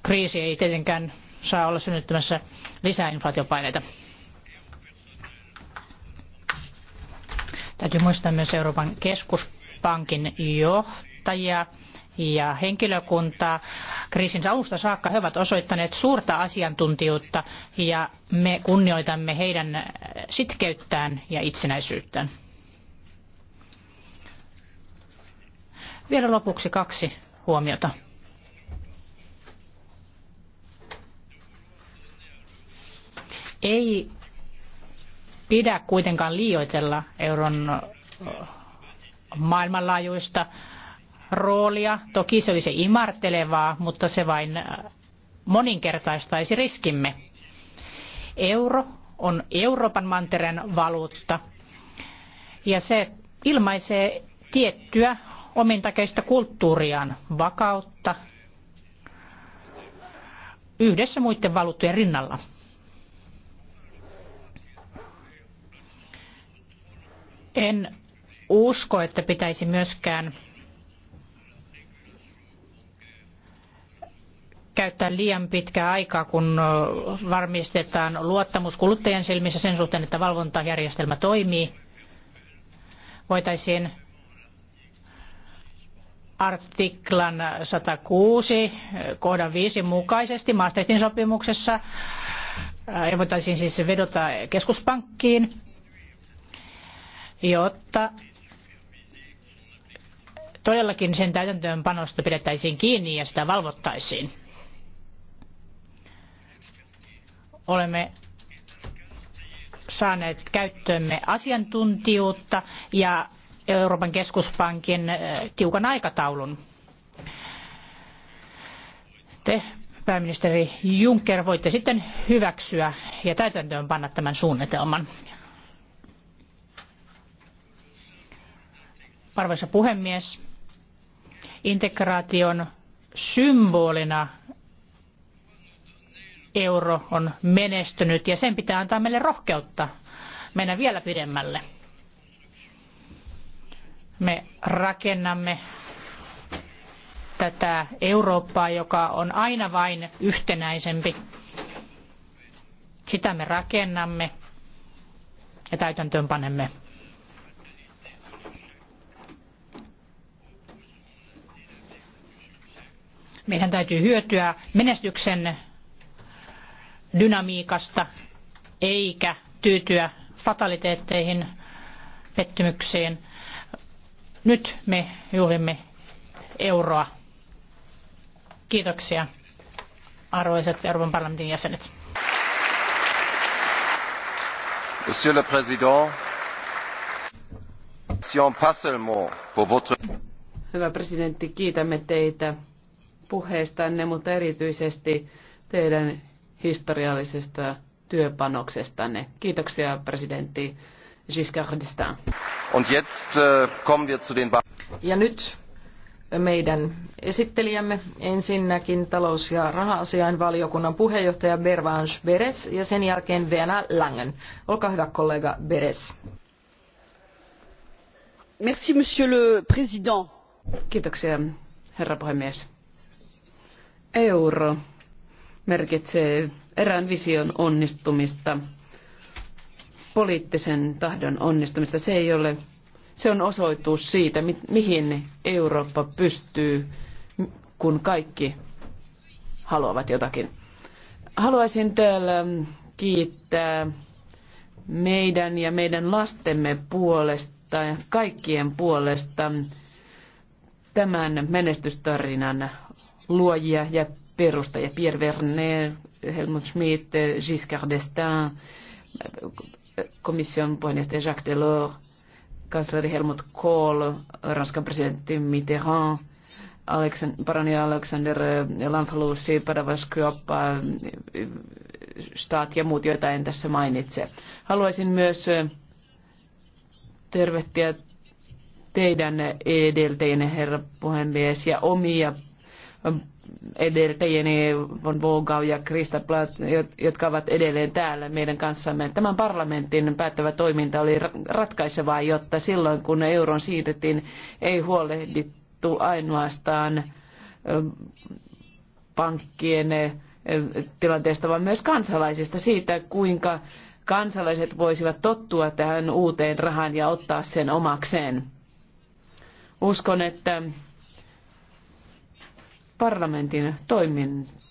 kriisi ei tietenkään saa olla synnyttämässä lisää inflaatiopaineita. Täytyy muistaa myös Euroopan keskuspankin johtajia ja henkilökuntaa. Kriisin alusta saakka he ovat osoittaneet suurta asiantuntijuutta ja me kunnioitamme heidän sitkeyttään ja itsenäisyyttään. Vielä lopuksi kaksi huomiota. Ei pidä kuitenkaan liioitella euron maailmanlaajuista roolia. Toki se olisi imartelevaa, mutta se vain moninkertaistaisi riskimme. Euro on Euroopan mantereen valuutta ja se ilmaisee tiettyä omintakeista kulttuuriaan, vakautta yhdessä muiden valuuttojen rinnalla. En usko, että pitäisi myöskään käyttää liian pitkää aikaa, kun varmistetaan luottamus kuluttajien silmissä sen suhteen, että valvontajärjestelmä toimii. Voitaisiin artiklan 106 kohdan 5 mukaisesti Maastrichtin sopimuksessa ja voitaisiin siis vedota keskuspankkiin jotta todellakin sen täytäntöönpanosta pidettäisiin kiinni ja sitä valvottaisiin. Olemme saaneet käyttöömme asiantuntijuutta ja Euroopan keskuspankin eh, tiukan aikataulun. Te, pääministeri Juncker, voitte sitten hyväksyä ja täytäntöönpanna tämän suunnitelman. Arvoisa puhemies, integraation symbolina euro on menestynyt ja sen pitää antaa meille rohkeutta mennä vielä pidemmälle. Me rakennamme tätä Eurooppaa, joka on aina vain yhtenäisempi. Sitä me rakennamme ja täytäntöönpanemme. Meidän täytyy hyötyä menestyksen dynamiikasta eikä tyytyä fataliteetteihin, pettymyksiin. Nyt me juhlimme euroa. Kiitoksia arvoisat Euroopan parlamentin jäsenet. Monsieur le Président, Hyvä presidentti, kiitämme teitä puheestanne, mutta erityisesti teidän historiallisesta työpanoksestanne. Kiitoksia presidentti Giscard d'Estaing. Äh, ja nyt meidän esittelijämme, ensinnäkin talous- ja raha asiainvaliokunnan puheenjohtaja Bervange Beres ja sen jälkeen Vena Langen. Olkaa hyvä kollega Beres. Merci, monsieur le président. Kiitoksia, herra puhemies euro merkitsee erään vision onnistumista, poliittisen tahdon onnistumista. Se ei ole, se on osoitus siitä, mihin Eurooppa pystyy, kun kaikki haluavat jotakin. Haluaisin täällä kiittää meidän ja meidän lastemme puolesta ja kaikkien puolesta tämän menestystarinan luojia ja perustajia. Pierre Werner, Helmut Schmidt, Giscard d'Estaing, komission puheenjohtaja Jacques Delors, kansleri Helmut Kohl, Ranskan presidentti Mitterrand, Parani Alexander Lanfalusi, Padavas Kyoppa, Staat ja muut, joita en tässä mainitse. Haluaisin myös tervehtiä teidän edeltäjänne, herra puhemies ja omia edeltäjieni Von Vogau ja Krista Plath, jotka ovat edelleen täällä meidän kanssamme. Tämän parlamentin päättävä toiminta oli ratkaisevaa, jotta silloin kun euron siirrettiin, ei huolehdittu ainoastaan pankkien tilanteesta, vaan myös kansalaisista siitä, kuinka kansalaiset voisivat tottua tähän uuteen rahaan ja ottaa sen omakseen. Uskon, että parlamentin toiminta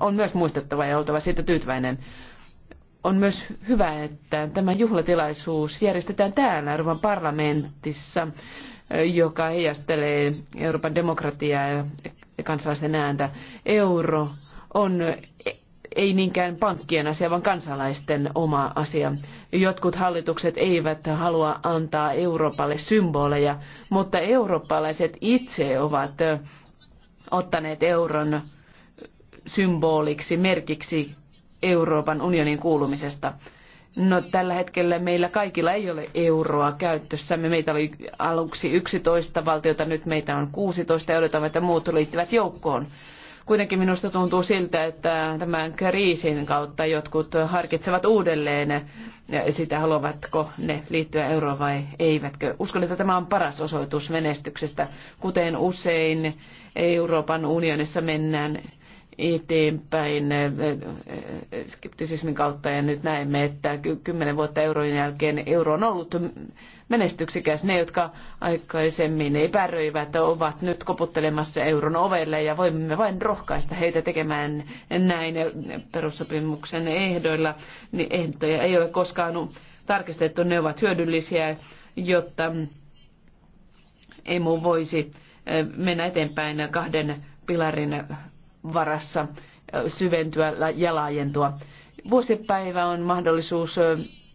on myös muistettava ja oltava siitä tyytyväinen. On myös hyvä, että tämä juhlatilaisuus järjestetään täällä Euroopan parlamentissa, joka heijastelee Euroopan demokratiaa ja kansalaisten ääntä. Euro on ei niinkään pankkien asia, vaan kansalaisten oma asia. Jotkut hallitukset eivät halua antaa Euroopalle symboleja, mutta eurooppalaiset itse ovat ottaneet euron symboliksi, merkiksi Euroopan unionin kuulumisesta. No tällä hetkellä meillä kaikilla ei ole euroa käytössämme. Meitä oli aluksi 11 valtiota, nyt meitä on 16 ja odotamme, että muut liittyvät joukkoon. Kuitenkin minusta tuntuu siltä, että tämän kriisin kautta jotkut harkitsevat uudelleen sitä, haluavatko ne liittyä euroon vai eivätkö. Uskon, että tämä on paras osoitus menestyksestä, kuten usein Euroopan unionissa mennään eteenpäin eh, eh, skeptisismin kautta ja nyt näemme, että kymmenen vuotta euron jälkeen euro on ollut menestyksikäs. Ne, jotka aikaisemmin epäröivät, ovat nyt koputtelemassa euron ovelle ja voimme vain rohkaista heitä tekemään näin perussopimuksen ehdoilla. Niin ehtoja ei ole koskaan tarkistettu, ne ovat hyödyllisiä, jotta emu voisi eh, mennä eteenpäin kahden pilarin varassa syventyä ja laajentua. Vuosipäivä on mahdollisuus,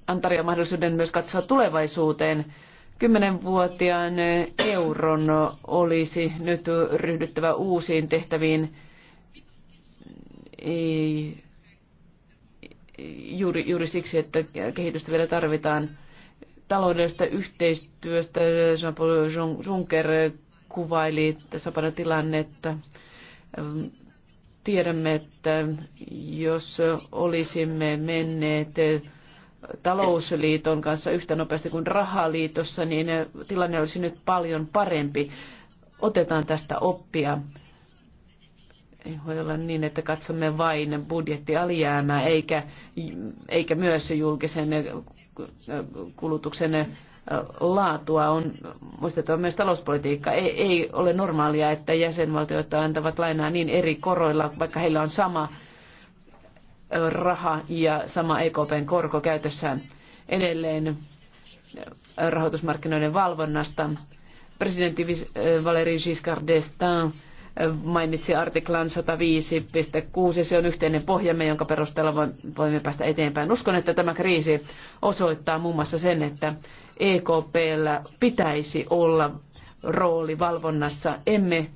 antaria mahdollisuuden myös katsoa tulevaisuuteen. Kymmenenvuotiaan euron olisi nyt ryhdyttävä uusiin tehtäviin. Ei, juuri, juuri siksi, että kehitystä vielä tarvitaan. Taloudellisesta yhteistyöstä Jean-Paul Juncker kuvaili tässä tilannetta tiedämme, että jos olisimme menneet talousliiton kanssa yhtä nopeasti kuin rahaliitossa, niin tilanne olisi nyt paljon parempi. Otetaan tästä oppia. Ei voi olla niin, että katsomme vain budjettialijäämää, eikä, eikä myös julkisen kulutuksen laatua. On muistettava myös talouspolitiikka. Ei, ei ole normaalia, että jäsenvaltiot antavat lainaa niin eri koroilla, vaikka heillä on sama raha ja sama EKPn korko käytössään edelleen rahoitusmarkkinoiden valvonnasta. Presidentti Valéry Giscard d'Estaing mainitsi artiklan 105.6. Se on yhteinen pohjamme, jonka perusteella voimme päästä eteenpäin. Uskon, että tämä kriisi osoittaa muun muassa sen, että EKPllä pitäisi olla rooli valvonnassa. Emme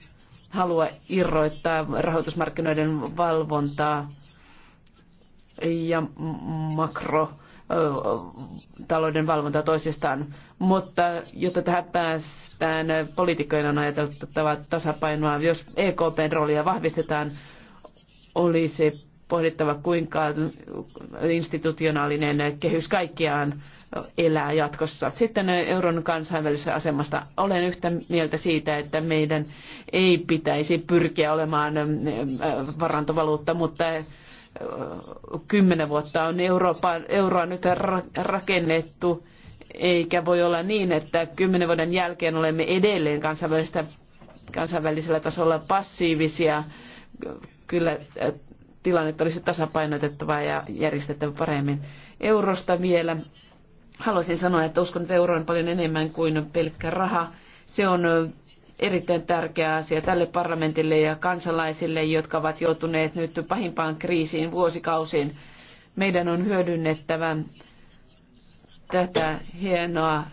halua irroittaa rahoitusmarkkinoiden valvontaa ja makrotalouden valvontaa toisistaan. Mutta jotta tähän päästään, poliitikkojen on ajateltava tasapainoa. Jos EKPn roolia vahvistetaan, olisi pohdittava, kuinka institutionaalinen kehys kaikkiaan elää jatkossa. Sitten euron kansainvälisestä asemasta. Olen yhtä mieltä siitä, että meidän ei pitäisi pyrkiä olemaan varantovaluutta, mutta kymmenen vuotta on Euroopan, euroa nyt rakennettu, eikä voi olla niin, että kymmenen vuoden jälkeen olemme edelleen kansainvälisellä tasolla passiivisia. Kyllä tilannetta olisi tasapainotettava ja järjestettävä paremmin. Eurosta vielä. Haluaisin sanoa, että uskon, että euro on paljon enemmän kuin pelkkä raha. Se on erittäin tärkeä asia tälle parlamentille ja kansalaisille, jotka ovat joutuneet nyt pahimpaan kriisiin vuosikausiin. Meidän on hyödynnettävä tätä hienoa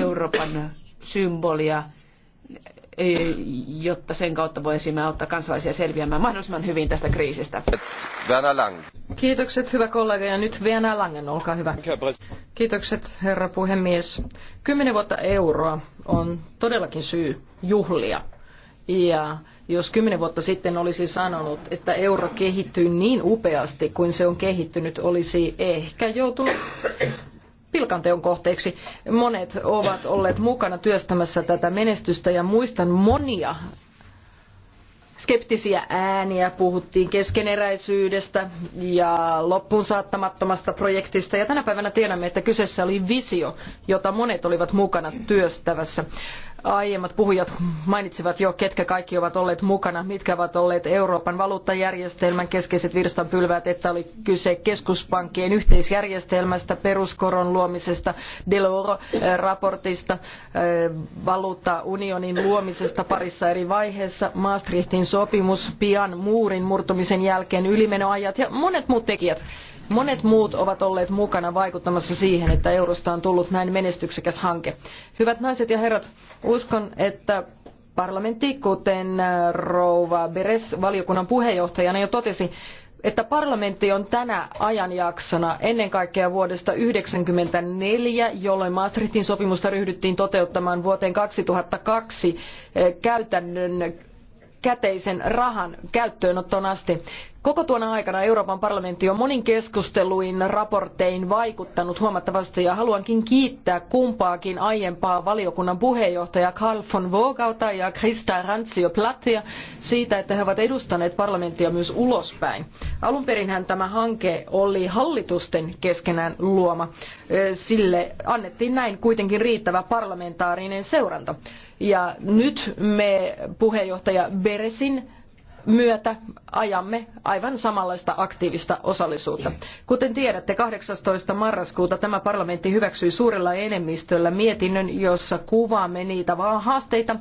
Euroopan symbolia jotta sen kautta voisimme auttaa kansalaisia selviämään mahdollisimman hyvin tästä kriisistä. Kiitokset hyvä kollega ja nyt Vienä Langen, olkaa hyvä. Kiitokset herra puhemies. Kymmenen vuotta euroa on todellakin syy juhlia. Ja jos kymmenen vuotta sitten olisi sanonut, että euro kehittyy niin upeasti kuin se on kehittynyt, olisi ehkä joutunut pilkanteon kohteeksi. Monet ovat olleet mukana työstämässä tätä menestystä ja muistan monia skeptisiä ääniä, puhuttiin keskeneräisyydestä ja loppuun saattamattomasta projektista. Ja tänä päivänä tiedämme, että kyseessä oli visio, jota monet olivat mukana työstävässä aiemmat puhujat mainitsivat jo, ketkä kaikki ovat olleet mukana, mitkä ovat olleet Euroopan valuuttajärjestelmän keskeiset virstanpylväät, että oli kyse keskuspankkien yhteisjärjestelmästä, peruskoron luomisesta, Delors-raportista, eh, valuuttaunionin luomisesta parissa eri vaiheessa, Maastrichtin sopimus, pian muurin murtumisen jälkeen, ylimenoajat ja monet muut tekijät. Monet muut ovat olleet mukana vaikuttamassa siihen, että eurosta on tullut näin menestyksekäs hanke. Hyvät naiset ja herrat, uskon, että parlamentti, kuten äh, rouva Beres valiokunnan puheenjohtajana jo totesi, että parlamentti on tänä ajanjaksona ennen kaikkea vuodesta 1994, jolloin Maastrichtin sopimusta ryhdyttiin toteuttamaan vuoteen 2002 äh, käytännön käteisen rahan käyttöönottoon asti. Koko tuona aikana Euroopan parlamentti on monin keskusteluin raportein vaikuttanut huomattavasti ja haluankin kiittää kumpaakin aiempaa valiokunnan puheenjohtajaa Karl von Vogauta ja Krista Rantsio Plattia siitä, että he ovat edustaneet parlamenttia myös ulospäin. Alun perinhän tämä hanke oli hallitusten keskenään luoma. Sille annettiin näin kuitenkin riittävä parlamentaarinen seuranta. Ja nyt me puheenjohtaja Beresin myötä ajamme aivan samanlaista aktiivista osallisuutta. Kuten tiedätte, 18. marraskuuta tämä parlamentti hyväksyi suurella enemmistöllä mietinnön, jossa kuvaamme niitä vaan haasteita,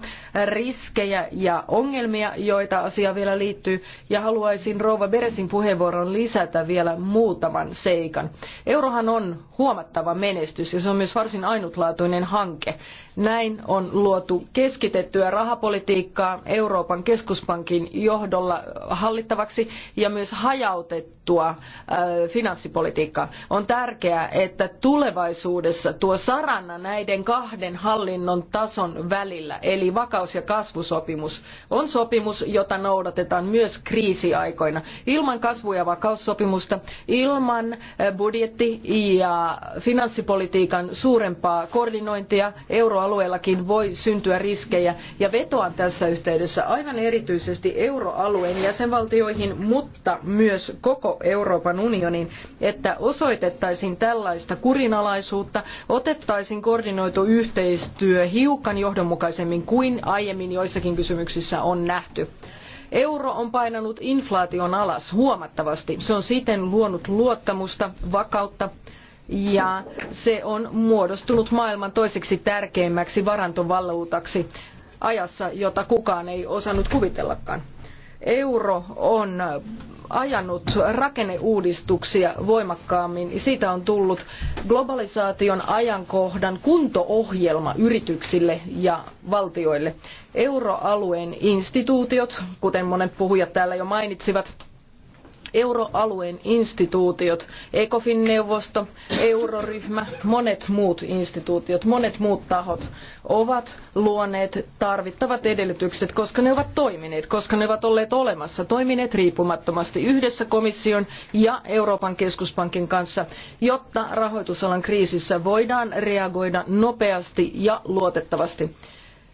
riskejä ja ongelmia, joita asia vielä liittyy. Ja haluaisin Rouva Beresin puheenvuoron lisätä vielä muutaman seikan. Eurohan on huomattava menestys ja se on myös varsin ainutlaatuinen hanke. Näin on luotu keskitettyä rahapolitiikkaa Euroopan keskuspankin johdolla johdolla hallittavaksi ja myös hajautettua finanssipolitiikkaa. On tärkeää, että tulevaisuudessa tuo sarana näiden kahden hallinnon tason välillä, eli vakaus- ja kasvusopimus, on sopimus, jota noudatetaan myös kriisiaikoina. Ilman kasvu- ja vakaussopimusta, ilman budjetti- ja finanssipolitiikan suurempaa koordinointia euroalueellakin voi syntyä riskejä. Ja vetoan tässä yhteydessä aivan erityisesti euroalueen euroalueen jäsenvaltioihin, mutta myös koko Euroopan unionin, että osoitettaisiin tällaista kurinalaisuutta, otettaisiin koordinoitu yhteistyö hiukan johdonmukaisemmin kuin aiemmin joissakin kysymyksissä on nähty. Euro on painanut inflaation alas huomattavasti. Se on siten luonut luottamusta, vakautta ja se on muodostunut maailman toiseksi tärkeimmäksi varantovaluutaksi ajassa, jota kukaan ei osannut kuvitellakaan euro on ajanut rakenneuudistuksia voimakkaammin. Siitä on tullut globalisaation ajankohdan kuntoohjelma yrityksille ja valtioille. Euroalueen instituutiot, kuten monet puhujat täällä jo mainitsivat, euroalueen instituutiot, ECOFIN-neuvosto, euroryhmä, monet muut instituutiot, monet muut tahot ovat luoneet tarvittavat edellytykset, koska ne ovat toimineet, koska ne ovat olleet olemassa, toimineet riippumattomasti yhdessä komission ja Euroopan keskuspankin kanssa, jotta rahoitusalan kriisissä voidaan reagoida nopeasti ja luotettavasti.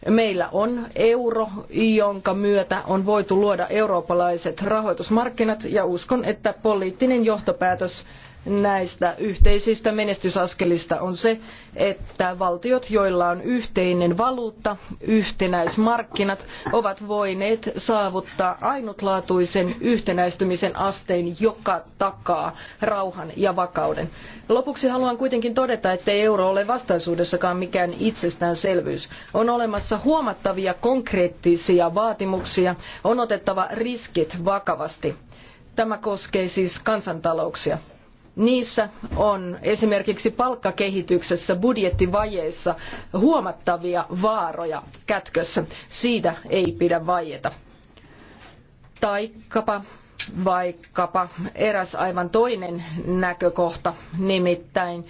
Meillä on euro, jonka myötä on voitu luoda eurooppalaiset rahoitusmarkkinat ja uskon, että poliittinen johtopäätös näistä yhteisistä menestysaskelista on se, että valtiot, joilla on yhteinen valuutta, yhtenäismarkkinat, ovat voineet saavuttaa ainutlaatuisen yhtenäistymisen asteen, joka takaa rauhan ja vakauden. Lopuksi haluan kuitenkin todeta, ettei euro ole vastaisuudessakaan mikään itsestäänselvyys. On olemassa huomattavia konkreettisia vaatimuksia, on otettava riskit vakavasti. Tämä koskee siis kansantalouksia. Niissä on esimerkiksi palkkakehityksessä, budjettivajeissa huomattavia vaaroja kätkössä. Siitä ei pidä vaieta. Taikkapa vaikkapa eräs aivan toinen näkökohta, nimittäin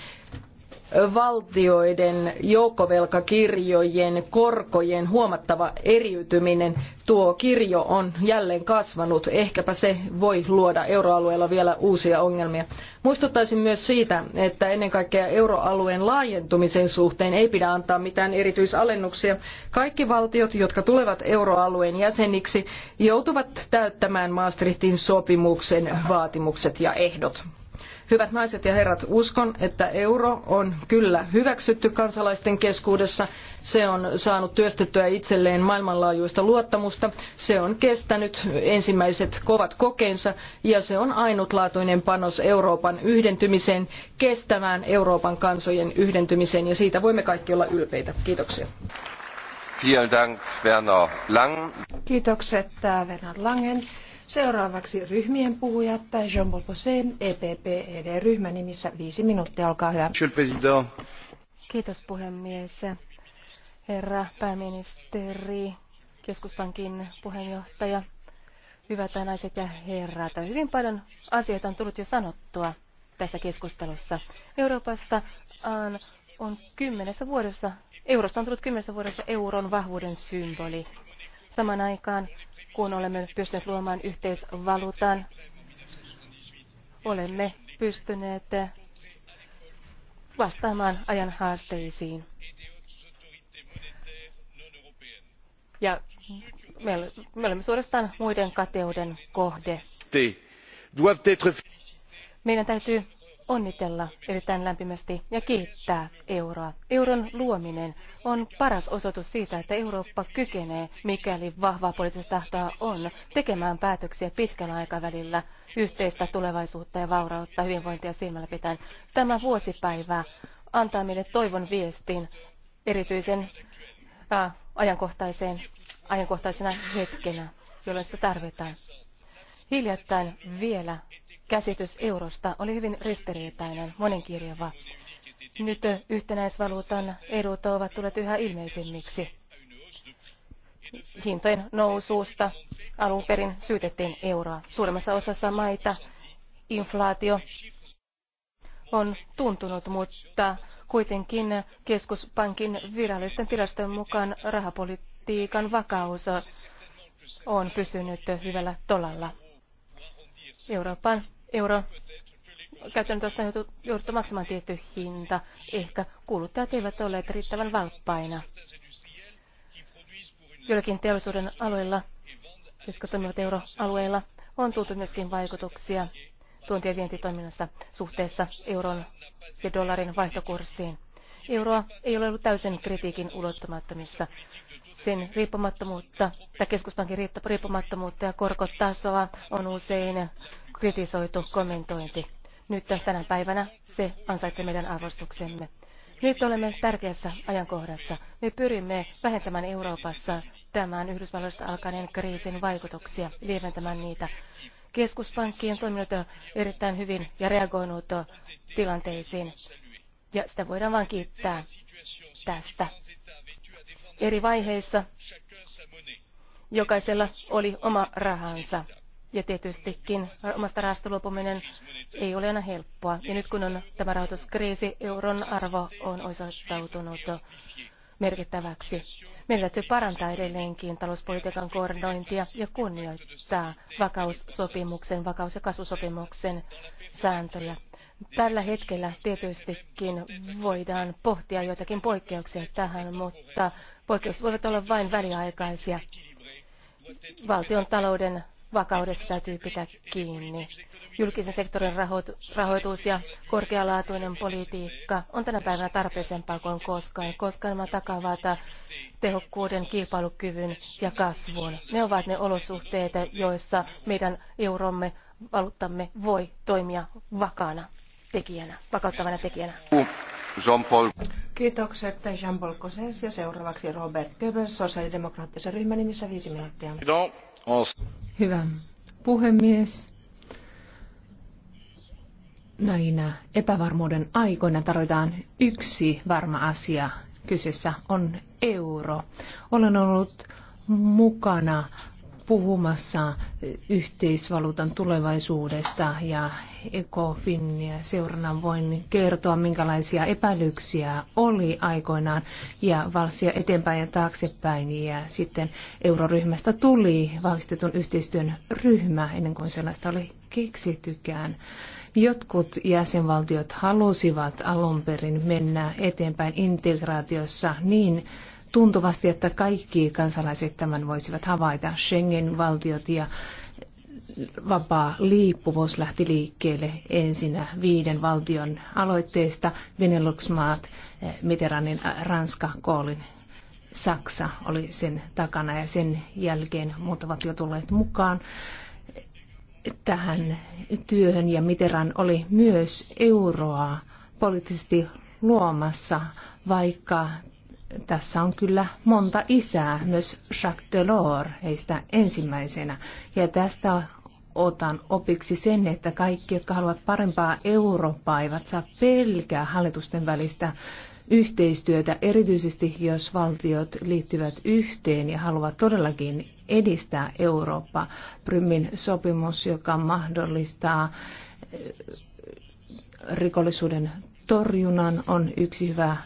valtioiden joukkovelkakirjojen korkojen huomattava eriytyminen. Tuo kirjo on jälleen kasvanut. Ehkäpä se voi luoda euroalueella vielä uusia ongelmia. Muistuttaisin myös siitä, että ennen kaikkea euroalueen laajentumisen suhteen ei pidä antaa mitään erityisalennuksia. Kaikki valtiot, jotka tulevat euroalueen jäseniksi, joutuvat täyttämään Maastrichtin sopimuksen vaatimukset ja ehdot. Hyvät naiset ja herrat, uskon, että euro on kyllä hyväksytty kansalaisten keskuudessa. Se on saanut työstettyä itselleen maailmanlaajuista luottamusta. Se on kestänyt ensimmäiset kovat kokeensa ja se on ainutlaatuinen panos Euroopan yhdentymiseen, kestävään Euroopan kansojen yhdentymiseen ja siitä voimme kaikki olla ylpeitä. Kiitoksia. Vielen Dank, Werner Lang. Kiitokset, äh, Werner Langen. Seuraavaksi ryhmien puhujat, Jean-Paul Posen, EPP, ED-ryhmän nimissä viisi minuuttia, olkaa hyvä. Kiitos puhemies. Herra pääministeri, keskuspankin puheenjohtaja, hyvät naiset ja herrat. Hyvin paljon asioita on tullut jo sanottua tässä keskustelussa. Euroopasta on, on kymmenessä vuodessa, eurosta on tullut kymmenessä vuodessa euron vahvuuden symboli. Saman aikaan kun olemme pystyneet luomaan yhteisvaluutan. Olemme pystyneet vastaamaan ajan haasteisiin. Ja me, me olemme suorastaan muiden kateuden kohde. Meidän täytyy onnitella erittäin lämpimästi ja kiittää euroa. Euron luominen on paras osoitus siitä, että Eurooppa kykenee, mikäli vahvaa poliittista tahtoa on, tekemään päätöksiä pitkällä aikavälillä yhteistä tulevaisuutta ja vaurautta hyvinvointia silmällä pitäen. Tämä vuosipäivä antaa meille toivon viestin erityisen äh, ajankohtaiseen, ajankohtaisena hetkenä, jolloin sitä tarvitaan. Hiljattain vielä käsitys eurosta oli hyvin ristiriitainen, monenkirjava. Nyt yhtenäisvaluutan edut ovat tulleet yhä ilmeisemmiksi. Hintojen noususta alun perin syytettiin euroa. Suurimmassa osassa maita inflaatio on tuntunut, mutta kuitenkin keskuspankin virallisten tilastojen mukaan rahapolitiikan vakaus on pysynyt hyvällä tolalla. Euroopan euro käytännön tästä jouduttu maksamaan tietty hinta. Ehkä kuluttajat eivät olleet riittävän valppaina. Joillakin teollisuuden alueilla, jotka toimivat euroalueilla, on tultu myöskin vaikutuksia tuonti- ja vientitoiminnassa suhteessa euron ja dollarin vaihtokurssiin. Euroa ei ole ollut täysin kritiikin ulottumattomissa. Sen riippumattomuutta tai keskuspankin riippumattomuutta ja korkotasoa on usein kritisoitu kommentointi. Nyt tänä päivänä se ansaitsee meidän arvostuksemme. Nyt olemme tärkeässä ajankohdassa. Me pyrimme vähentämään Euroopassa tämän Yhdysvalloista alkaneen kriisin vaikutuksia, lieventämään niitä. Keskuspankki on toiminut erittäin hyvin ja reagoinut tilanteisiin. Ja sitä voidaan vain kiittää tästä. Eri vaiheissa jokaisella oli oma rahansa. Ja tietystikin omasta rahasta luopuminen ei ole aina helppoa. Ja nyt kun on tämä rahoituskriisi, euron arvo on osoittautunut merkittäväksi. Meidän täytyy parantaa edelleenkin talouspolitiikan koordinointia ja kunnioittaa vakaussopimuksen, vakaus- ja kasvusopimuksen sääntöjä. Tällä hetkellä tietystikin voidaan pohtia joitakin poikkeuksia tähän, mutta poikkeukset voivat olla vain väliaikaisia. Valtion talouden vakaudesta täytyy pitää kiinni. Julkisen sektorin rahoitus ja korkealaatuinen politiikka on tänä päivänä tarpeisempaa kuin koskaan, koska nämä takavat tehokkuuden, kilpailukyvyn ja kasvun. Ne ovat ne olosuhteet, joissa meidän euromme, valuuttamme voi toimia vakaana tekijänä, vakauttavana tekijänä. Jean-Paul. Kiitokset Jean-Paul Koses ja seuraavaksi Robert Goebbels, sosiaalidemokraattisen ryhmän nimissä viisi minuuttia. No. Hyvä puhemies. Näinä epävarmuuden aikoina tarvitaan yksi varma asia. Kyseessä on euro. Olen ollut mukana puhumassa eh, yhteisvaluutan tulevaisuudesta ja ECOFIN ja seurana voin kertoa, minkälaisia epäilyksiä oli aikoinaan ja valsia eteenpäin ja taaksepäin ja sitten euroryhmästä tuli vahvistetun yhteistyön ryhmä ennen kuin sellaista oli keksitykään. Jotkut jäsenvaltiot halusivat alun perin mennä eteenpäin integraatiossa niin, tuntuvasti, että kaikki kansalaiset tämän voisivat havaita. Schengen-valtiot ja vapaa liippuvuus lähti liikkeelle ensinnä viiden valtion aloitteesta. Benelux-maat, Mitterrandin Ranska, Koolin Saksa oli sen takana ja sen jälkeen muut ovat jo tulleet mukaan tähän työhön ja Mitterrand oli myös euroa poliittisesti luomassa, vaikka tässä on kyllä monta isää, myös Jacques Delors, heistä ensimmäisenä. Ja tästä otan opiksi sen, että kaikki, jotka haluavat parempaa Eurooppaa, eivät saa pelkää hallitusten välistä yhteistyötä, erityisesti jos valtiot liittyvät yhteen ja haluavat todellakin edistää Eurooppaa. Prymin sopimus, joka mahdollistaa eh, rikollisuuden torjunnan, on yksi hyvä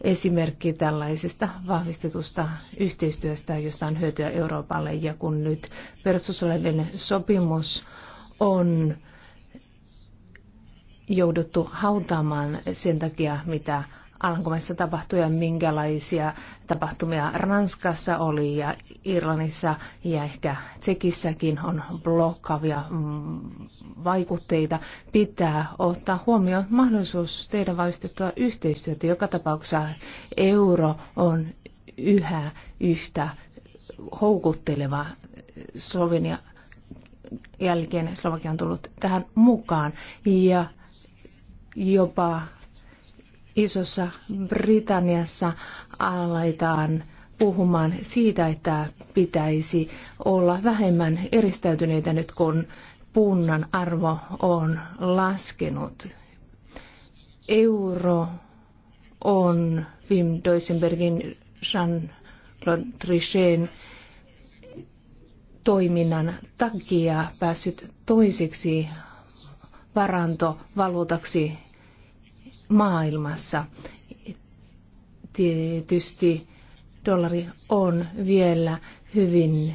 esimerkki tällaisesta vahvistetusta yhteistyöstä, josta on hyötyä Euroopalle. Ja kun nyt perustuslaillinen sopimus on jouduttu hautaamaan sen takia, mitä Alankomaissa tapahtui ja minkälaisia tapahtumia Ranskassa oli ja Irlannissa ja ehkä Tsekissäkin on blokkavia mm, vaikutteita. Pitää ottaa huomioon mahdollisuus tehdä vaistettua yhteistyötä. Joka tapauksessa euro on yhä yhtä houkutteleva Slovenia jälkeen Slovakia on tullut tähän mukaan ja jopa Isossa Britanniassa aletaan puhumaan siitä, että pitäisi olla vähemmän eristäytyneitä nyt, kun punnan arvo on laskenut. Euro on Wim Doisenbergin Jean-Claude toiminnan takia päässyt toiseksi varantovaluutaksi maailmassa. Tietysti dollari on vielä hyvin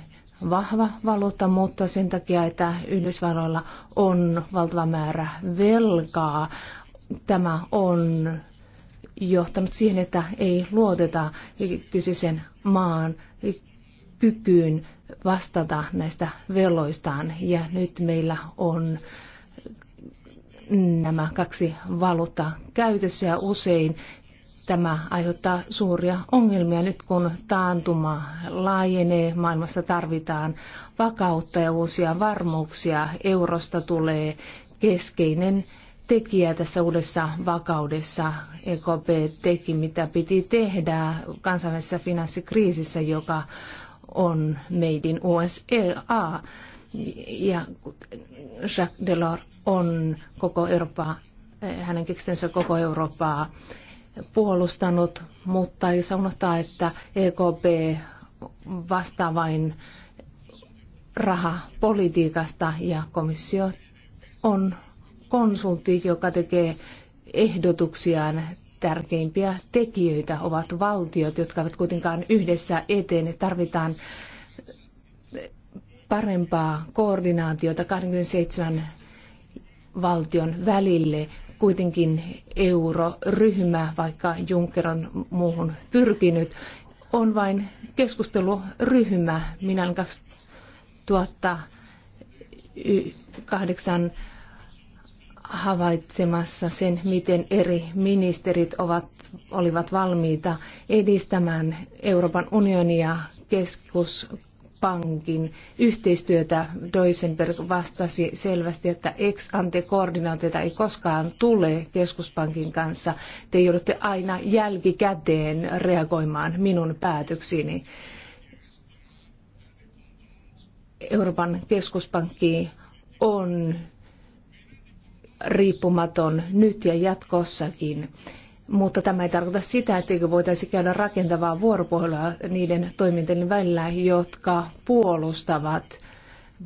vahva valuutta, mutta sen takia, että Yhdysvalloilla on valtava määrä velkaa, tämä on johtanut siihen, että ei luoteta kyseisen maan kykyyn vastata näistä veloistaan. Ja nyt meillä on nämä kaksi valuutta käytössä ja usein tämä aiheuttaa suuria ongelmia nyt kun taantuma laajenee. Maailmassa tarvitaan vakautta ja uusia varmuuksia. Eurosta tulee keskeinen tekijä tässä uudessa vakaudessa. EKP teki mitä piti tehdä kansainvälisessä finanssikriisissä, joka on made in USA. Ja Jacques Delors on koko Eurooppa, hänen keksitönsä koko Eurooppaa puolustanut, mutta ei saa unohtaa, että EKP vastaa vain rahapolitiikasta ja komissio on konsultti, joka tekee ehdotuksiaan tärkeimpiä tekijöitä ovat valtiot, jotka eivät kuitenkaan yhdessä eteen Tarvitaan parempaa koordinaatiota 27 valtion välille. Kuitenkin euroryhmä, vaikka Juncker on muuhun pyrkinyt, on vain keskusteluryhmä. Minä olen 2008 havaitsemassa sen, miten eri ministerit ovat, olivat valmiita edistämään Euroopan unionia keskus, pankin yhteistyötä. Doisenberg vastasi selvästi, että ex ante koordinaatiota ei koskaan tule keskuspankin kanssa. Te joudutte aina jälkikäteen reagoimaan minun päätöksiini. Euroopan keskuspankki on riippumaton nyt ja jatkossakin. Mutta tämä ei tarkoita sitä, etteikö voitaisi käydä rakentavaa vuoropuhelua niiden toimintojen välillä, jotka puolustavat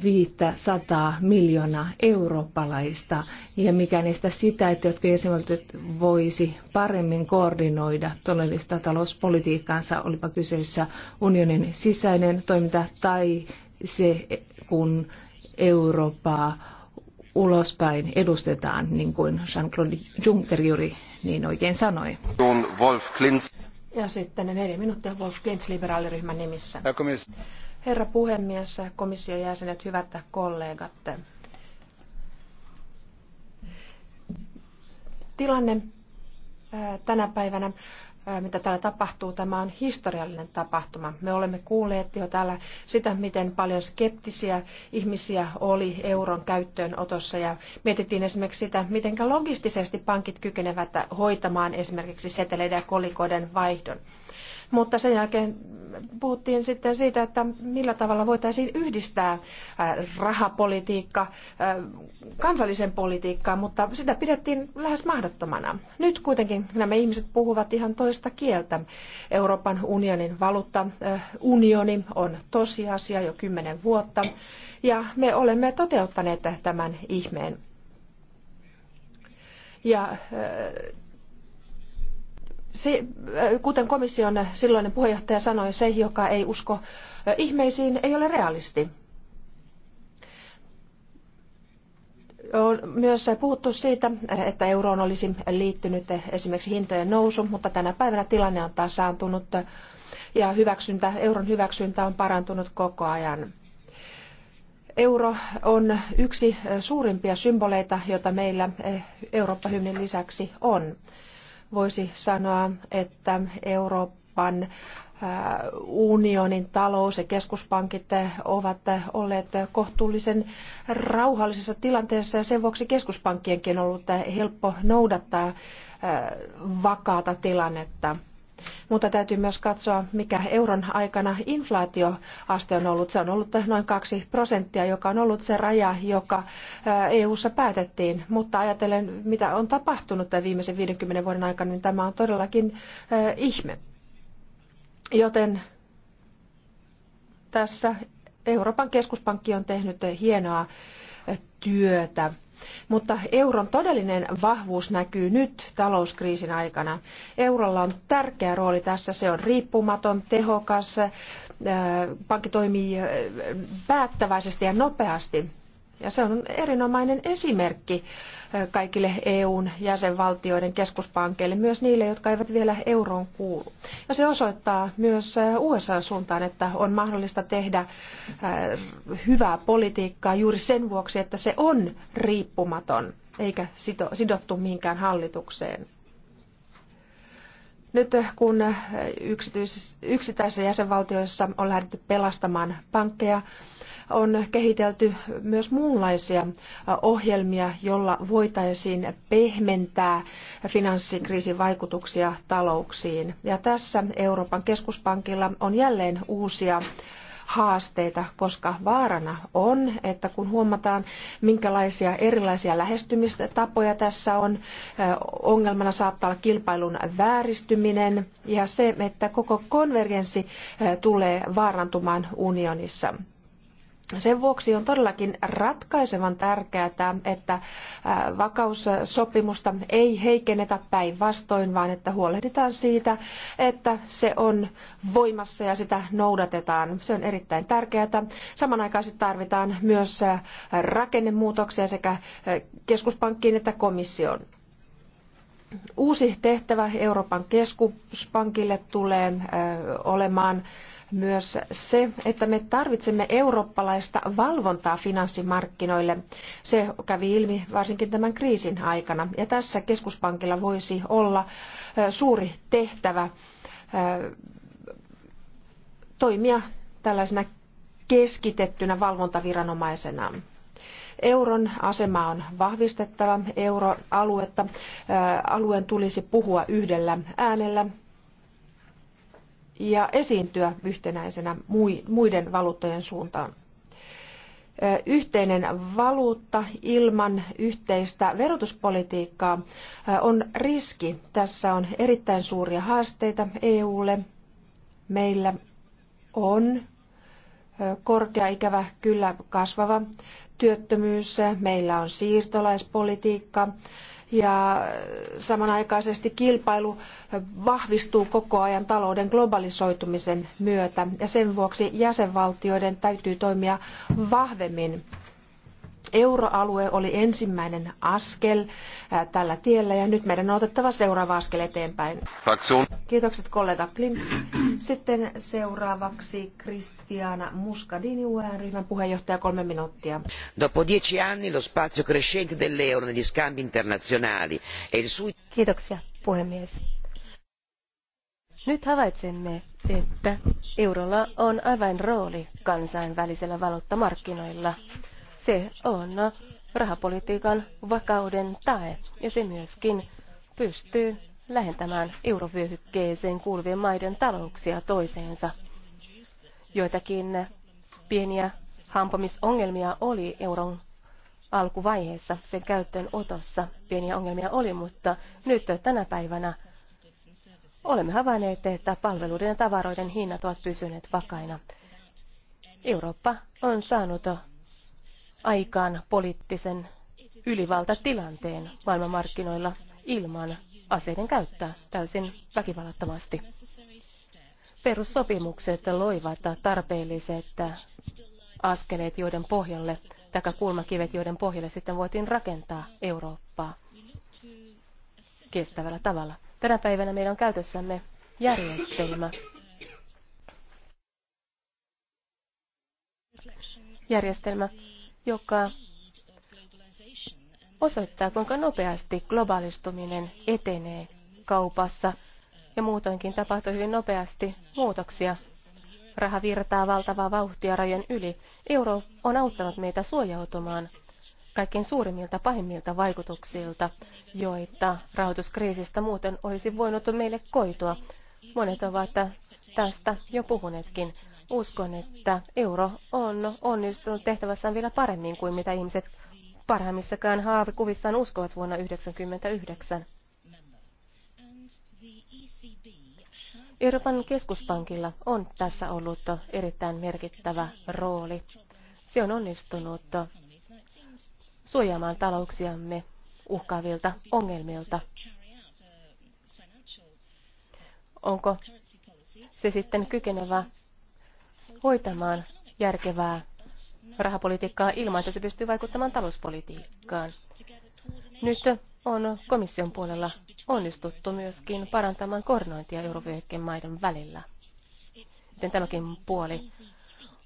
500 miljoonaa eurooppalaista ja mikä niistä sitä, että jotka jäsenvaltiot voisi paremmin koordinoida todellista talouspolitiikkaansa, olipa kyseessä unionin sisäinen toiminta tai se, kun Eurooppaa ulospäin edustetaan, niin kuin Jean-Claude Juncker juuri niin oikein sanoi. Wolf Klintz. Ja sitten neljä minuuttia Wolf Klintz liberaaliryhmän nimissä. Herra puhemies, komission jäsenet, hyvät kollegat. Tilanne tänä päivänä mitä täällä tapahtuu, tämä on historiallinen tapahtuma. Me olemme kuulleet jo täällä sitä, miten paljon skeptisiä ihmisiä oli euron käyttöönotossa ja mietittiin esimerkiksi sitä, miten logistisesti pankit kykenevät hoitamaan esimerkiksi seteleiden ja kolikoiden vaihdon. Mutta sen jälkeen puhuttiin sitten siitä, että millä tavalla voitaisiin yhdistää äh, rahapolitiikka äh, kansallisen politiikkaan, mutta sitä pidettiin lähes mahdottomana. Nyt kuitenkin nämä ihmiset puhuvat ihan toista kieltä. Euroopan unionin valuutta, äh, unioni on tosiasia jo kymmenen vuotta ja me olemme toteuttaneet tämän ihmeen. Ja Äh, kuten komission silloinen puheenjohtaja sanoi, se, joka ei usko äh, ihmeisiin, ei ole realisti. On myös puhuttu siitä, että euroon olisi liittynyt esimerkiksi hintojen nousu, mutta tänä päivänä tilanne on tasaantunut ja hyväksyntä, euron hyväksyntä on parantunut koko ajan. Euro on yksi suurimpia symboleita, joita meillä eh, Eurooppa-hymnin lisäksi on voisi sanoa, että Euroopan äh, unionin talous ja keskuspankit ovat olleet kohtuullisen rauhallisessa tilanteessa ja sen vuoksi keskuspankkienkin on ollut helppo noudattaa äh, vakaata tilannetta. Mutta täytyy myös katsoa, mikä euron aikana inflaatioaste on ollut. Se on ollut noin 2 prosenttia, joka on ollut se raja, joka EU-ssa päätettiin. Mutta ajatellen, mitä on tapahtunut tämän viimeisen 50 vuoden aikana, niin tämä on todellakin ihme. Joten tässä Euroopan keskuspankki on tehnyt hienoa työtä mutta euron todellinen vahvuus näkyy nyt talouskriisin aikana. Eurolla on tärkeä rooli tässä. Se on riippumaton, tehokas, äh, pankki toimii äh, päättäväisesti ja nopeasti ja se on erinomainen esimerkki kaikille EUn jäsenvaltioiden keskuspankeille, myös niille, jotka eivät vielä euroon kuulu. Ja se osoittaa myös USA-suuntaan, että on mahdollista tehdä hyvää politiikkaa juuri sen vuoksi, että se on riippumaton eikä sidottu mihinkään hallitukseen. Nyt kun yksittäisissä jäsenvaltioissa on lähdetty pelastamaan pankkeja, on kehitelty myös muunlaisia ohjelmia, jolla voitaisiin pehmentää finanssikriisin vaikutuksia talouksiin. Ja tässä Euroopan keskuspankilla on jälleen uusia haasteita, koska vaarana on, että kun huomataan, minkälaisia erilaisia lähestymistapoja tässä on, ongelmana saattaa olla kilpailun vääristyminen ja se, että koko konvergenssi tulee vaarantumaan unionissa. Sen vuoksi on todellakin ratkaisevan tärkeää, että vakaussopimusta ei heikennetä päinvastoin, vaan että huolehditaan siitä, että se on voimassa ja sitä noudatetaan. Se on erittäin tärkeää. Samanaikaisesti tarvitaan myös rakennemuutoksia sekä keskuspankkiin että komissioon. Uusi tehtävä Euroopan keskuspankille tulee olemaan myös se, että me tarvitsemme eurooppalaista valvontaa finanssimarkkinoille. Se kävi ilmi varsinkin tämän kriisin aikana. Ja tässä keskuspankilla voisi olla suuri tehtävä toimia tällaisena keskitettynä valvontaviranomaisena. Euron asema on vahvistettava, euroaluetta, alueen tulisi puhua yhdellä äänellä ja esiintyä yhtenäisenä muiden valuuttojen suuntaan. Yhteinen valuutta ilman yhteistä verotuspolitiikkaa on riski. Tässä on erittäin suuria haasteita EUlle. Meillä on korkea ikävä kyllä kasvava työttömyys, meillä on siirtolaispolitiikka, ja samanaikaisesti kilpailu vahvistuu koko ajan talouden globalisoitumisen myötä ja sen vuoksi jäsenvaltioiden täytyy toimia vahvemmin Euroalue oli ensimmäinen askel äh, tällä tiellä ja nyt meidän on otettava seuraava askel eteenpäin. Faksun. Kiitokset kollega Klimts. Sitten seuraavaksi Kristiana Muscadini, ue ryhmän puheenjohtaja, kolme minuuttia. Dopo dieci anni lo spazio crescente dell'euro negli scambi internazionali e il suo... Kiitoksia puhemies. Nyt havaitsemme, että eurolla on avainrooli kansainvälisellä valuuttamarkkinoilla. Se on rahapolitiikan vakauden tae ja se myöskin pystyy lähentämään eurovyöhykkeeseen kuuluvien maiden talouksia toiseensa. Joitakin pieniä hampomisongelmia oli euron alkuvaiheessa, sen käyttöön otossa pieniä ongelmia oli, mutta nyt tänä päivänä olemme havainneet, että palveluiden ja tavaroiden hinnat ovat pysyneet vakaina. Eurooppa on saanut aikaan poliittisen ylivaltatilanteen maailmanmarkkinoilla ilman aseiden käyttöä täysin väkivallattomasti. Perussopimukset loivat tarpeelliset askeleet, joiden pohjalle, tai kulmakivet, joiden pohjalle sitten voitiin rakentaa Eurooppaa kestävällä tavalla. Tänä päivänä meillä on käytössämme järjestelmä, järjestelmä, joka osoittaa, kuinka nopeasti globaalistuminen etenee kaupassa ja muutoinkin tapahtuu hyvin nopeasti muutoksia. Raha virtaa valtavaa vauhtia rajan yli. Euro on auttanut meitä suojautumaan kaikkein suurimmilta pahimmilta vaikutuksilta, joita rahoituskriisistä muuten olisi voinut meille koitua. Monet ovat tästä jo puhuneetkin. Uskon, että euro on onnistunut tehtävässään vielä paremmin kuin mitä ihmiset parhaimmissakaan haavikuvissaan uskovat vuonna 1999. Euroopan keskuspankilla on tässä ollut erittäin merkittävä rooli. Se on onnistunut suojaamaan talouksiamme uhkaavilta ongelmilta. Onko se sitten kykenevä hoitamaan järkevää rahapolitiikkaa ilman, että se pystyy vaikuttamaan talouspolitiikkaan. Nyt on komission puolella onnistuttu myöskin parantamaan koordinointia eurovyöhykkeen maiden välillä. Joten tämäkin puoli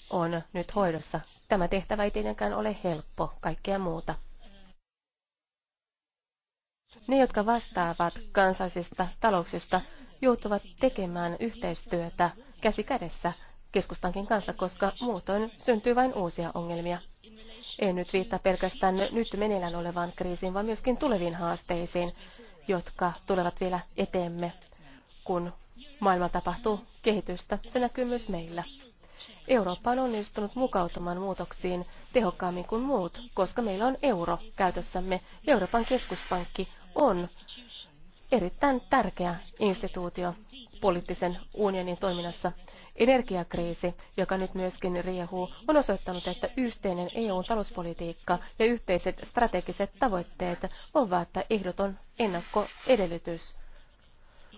on nyt hoidossa. Tämä tehtävä ei tietenkään ole helppo, kaikkea muuta. Ne, jotka vastaavat kansallisista talouksista, joutuvat tekemään yhteistyötä käsi kädessä keskuspankin kanssa, koska muutoin syntyy vain uusia ongelmia. En nyt viittaa pelkästään nyt meneillään olevaan kriisiin, vaan myöskin tuleviin haasteisiin, jotka tulevat vielä eteemme, kun maailma tapahtuu kehitystä. Se näkyy myös meillä. Eurooppa on onnistunut mukautumaan muutoksiin tehokkaammin kuin muut, koska meillä on euro käytössämme. Euroopan keskuspankki on erittäin tärkeä instituutio poliittisen unionin toiminnassa. Energiakriisi, joka nyt myöskin riehuu, on osoittanut, että yhteinen EU-talouspolitiikka ja yhteiset strategiset tavoitteet ovat ehdoton ennakkoedellytys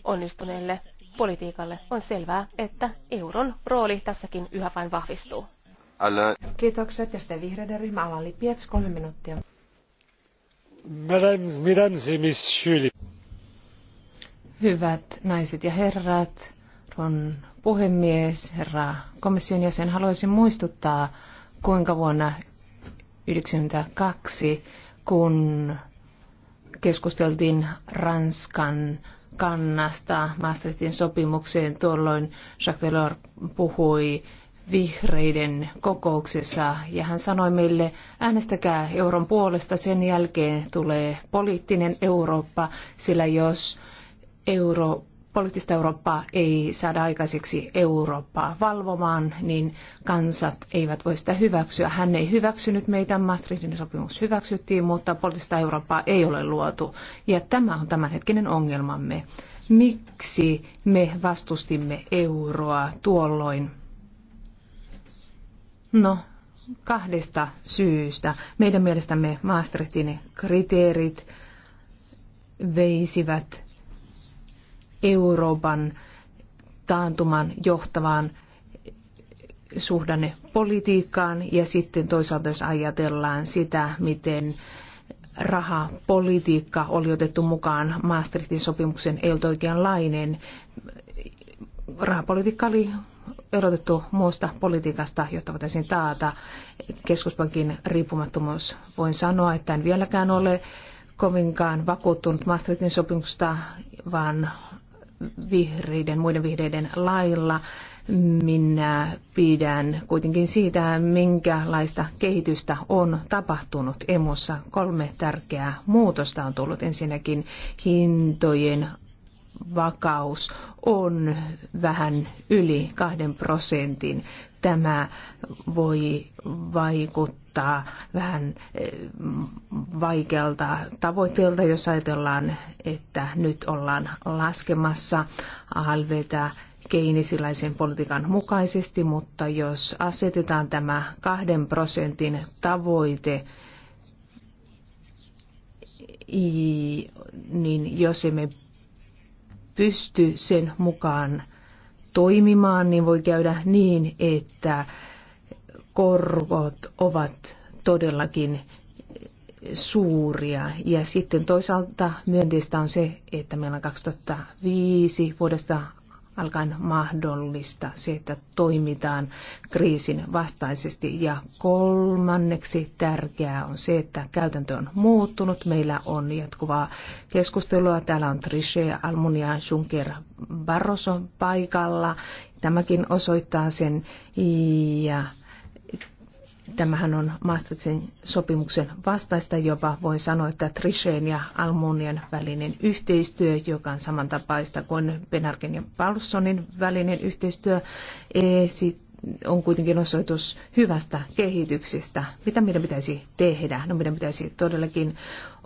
onnistuneelle politiikalle. On selvää, että euron rooli tässäkin yhä vain vahvistuu. Kiitokset. Ja sitten vihreiden ryhmä Alali Pietz, kolme minuuttia. Mesdames et messieurs Hyvät naiset ja herrat, on puhemies, herra komission jäsen, haluaisin muistuttaa, kuinka vuonna 1992, kun keskusteltiin Ranskan kannasta Maastrichtin sopimukseen, tuolloin Jacques Delors puhui vihreiden kokouksessa ja hän sanoi meille, äänestäkää euron puolesta, sen jälkeen tulee poliittinen Eurooppa, sillä jos euro, poliittista Eurooppaa ei saada aikaiseksi Eurooppaa valvomaan, niin kansat eivät voi sitä hyväksyä. Hän ei hyväksynyt meitä, Maastrichtin sopimus hyväksyttiin, mutta poliittista Eurooppaa ei ole luotu. Ja tämä on tämänhetkinen ongelmamme. Miksi me vastustimme euroa tuolloin? No, kahdesta syystä. Meidän mielestämme Maastrichtin kriteerit veisivät Euroopan taantuman johtavaan suhdannepolitiikkaan ja sitten toisaalta jos ajatellaan sitä, miten rahapolitiikka oli otettu mukaan Maastrichtin sopimuksen ei ollut oikeanlainen. Rahapolitiikka oli erotettu muusta politiikasta, jotta voitaisiin taata keskuspankin riippumattomuus. Voin sanoa, että en vieläkään ole kovinkaan vakuuttunut Maastrichtin sopimuksesta, vaan vihreiden, muiden vihreiden lailla. Minä pidän kuitenkin siitä, minkälaista kehitystä on tapahtunut emussa. Kolme tärkeää muutosta on tullut. Ensinnäkin hintojen vakaus on vähän yli kahden prosentin tämä voi vaikuttaa vähän eh, vaikealta tavoitteelta, jos ajatellaan, että nyt ollaan laskemassa alvtä keinisilaisen politiikan mukaisesti, mutta jos asetetaan tämä kahden prosentin tavoite, niin jos emme pysty sen mukaan toimimaan, niin voi käydä niin, että korvot ovat todellakin suuria. Ja sitten toisaalta myönteistä on se, että meillä on 2005 vuodesta alkaen mahdollista se, että toimitaan kriisin vastaisesti. Ja kolmanneksi tärkeää on se, että käytäntö on muuttunut. Meillä on jatkuvaa keskustelua. Täällä on Trichet, Almunia, Juncker, Barroso paikalla. Tämäkin osoittaa sen ja Tämähän on Maastrichtin sopimuksen vastaista, jopa voi sanoa, että Trisheen ja Almunien välinen yhteistyö, joka on samantapaista kuin Benarken ja Paulsonin välinen yhteistyö, on kuitenkin osoitus hyvästä kehityksestä. Mitä meidän pitäisi tehdä? No meidän pitäisi todellakin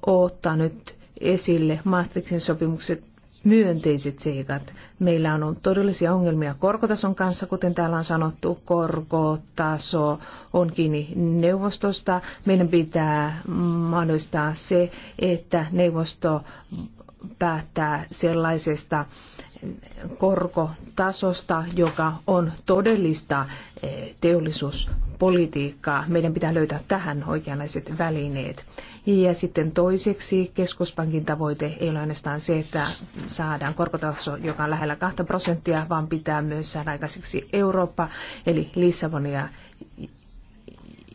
ottaa nyt esille Maastrichtin sopimukset myönteiset seikat. Meillä on ollut todellisia ongelmia korkotason kanssa, kuten täällä on sanottu. Korkotaso on kiinni neuvostosta. Meidän pitää mahdollistaa se, että neuvosto päättää sellaisesta korkotasosta, joka on todellista eh, teollisuuspolitiikkaa. Meidän pitää löytää tähän oikeanlaiset välineet. Ja sitten toiseksi keskuspankin tavoite ei ole ainoastaan se, että saadaan korkotaso, joka on lähellä 2 prosenttia, vaan pitää myös saada aikaiseksi Eurooppa, eli Lissabonia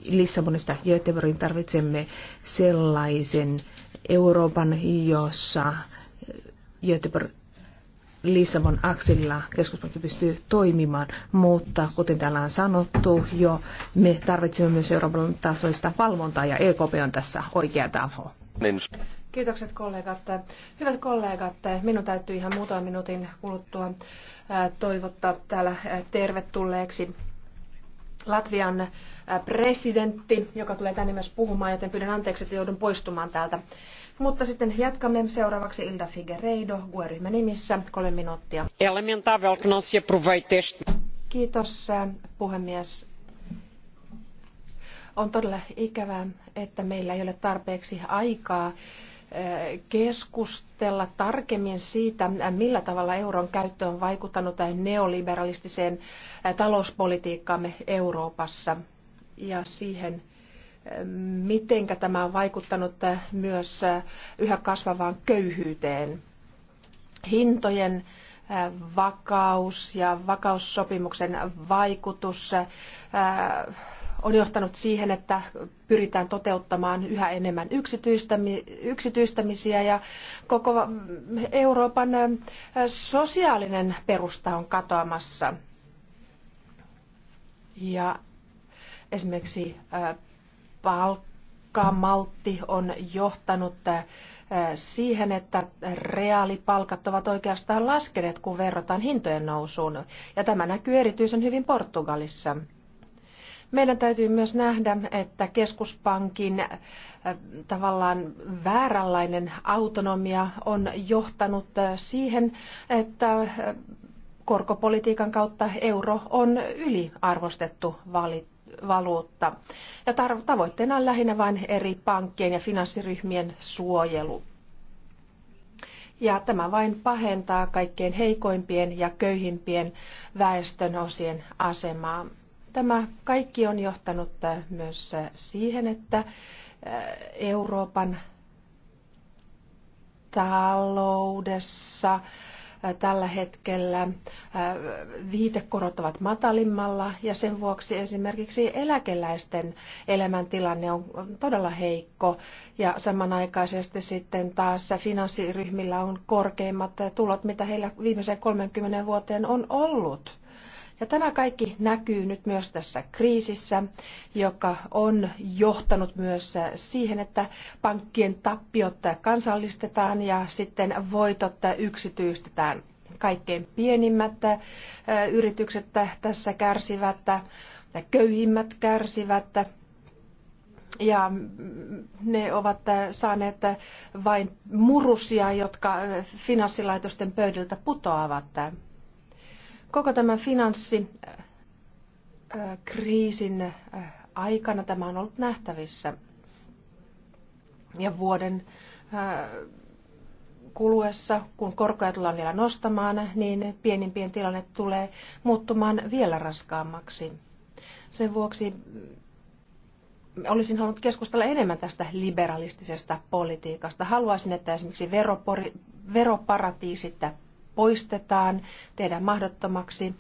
Lissabonista Göteborgin tarvitsemme sellaisen Euroopan, jossa Göteborg Lissabon aksilla keskuspankki pystyy toimimaan, mutta kuten täällä on sanottu jo, me tarvitsemme myös Euroopan tasoista valvontaa ja EKP on tässä oikea taho. Kiitokset kollegat. Hyvät kollegat, minun täytyy ihan muutaman minuutin kuluttua toivottaa täällä tervetulleeksi Latvian presidentti, joka tulee tänne myös puhumaan, joten pyydän anteeksi, että joudun poistumaan täältä. Mutta sitten jatkamme seuraavaksi Ilda Figueiredo, GUE-ryhmän nimissä, kolme minuuttia. Kiitos äh, puhemies. On todella ikävää, että meillä ei ole tarpeeksi aikaa äh, keskustella tarkemmin siitä, äh, millä tavalla euron käyttö on vaikuttanut neoliberalistiseen talouspolitiikkaamme Euroopassa ja siihen, mitenkä tämä on vaikuttanut myös yhä kasvavaan köyhyyteen. Hintojen vakaus ja vakaussopimuksen vaikutus on johtanut siihen, että pyritään toteuttamaan yhä enemmän yksityistämisiä ja koko Euroopan sosiaalinen perusta on katoamassa. Ja esimerkiksi palkkamaltti on johtanut äh, siihen, että reaalipalkat ovat oikeastaan laskeneet, kun verrataan hintojen nousuun. Ja tämä näkyy erityisen hyvin Portugalissa. Meidän täytyy myös nähdä, että keskuspankin äh, tavallaan vääränlainen autonomia on johtanut äh, siihen, että korkopolitiikan kautta euro on yliarvostettu valit valuutta. Ja tavoitteena on lähinnä vain eri pankkien ja finanssiryhmien suojelu. Ja tämä vain pahentaa kaikkein heikoimpien ja köyhimpien väestön osien asemaa. Tämä kaikki on johtanut äh, myös äh, siihen, että äh, Euroopan taloudessa tällä hetkellä viitekorot ovat matalimmalla ja sen vuoksi esimerkiksi eläkeläisten elämäntilanne on todella heikko ja samanaikaisesti sitten taas finanssiryhmillä on korkeimmat tulot, mitä heillä viimeiseen 30 vuoteen on ollut. Ja tämä kaikki näkyy nyt myös tässä kriisissä, joka on johtanut myös siihen, että pankkien tappiot kansallistetaan ja sitten voitot yksityistetään. Kaikkein pienimmät äh, yritykset tässä kärsivät, köyhimmät kärsivät ja ne ovat saaneet vain murusia, jotka finanssilaitosten pöydiltä putoavat. Koko tämän finanssikriisin äh, aikana tämä on ollut nähtävissä. Ja vuoden äh, kuluessa, kun korkoja tullaan vielä nostamaan, niin pienimpien tilanne tulee muuttumaan vielä raskaammaksi. Sen vuoksi mm, olisin halunnut keskustella enemmän tästä liberalistisesta politiikasta. Haluaisin, että esimerkiksi veroparatiisit poistetaan, tehdään mahdottomaksi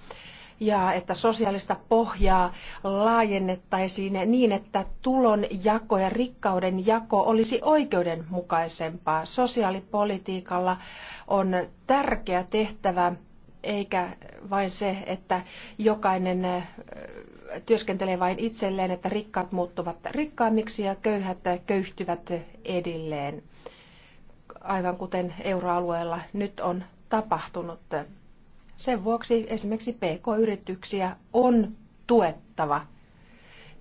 ja että sosiaalista pohjaa laajennettaisiin niin, että tulon jako ja rikkauden jako olisi oikeudenmukaisempaa. Sosiaalipolitiikalla on tärkeä tehtävä eikä vain se, että jokainen äh, työskentelee vain itselleen, että rikkaat muuttuvat rikkaammiksi ja köyhät köyhtyvät edelleen, aivan kuten euroalueella nyt on tapahtunut. Sen vuoksi esimerkiksi PK-yrityksiä on tuettava.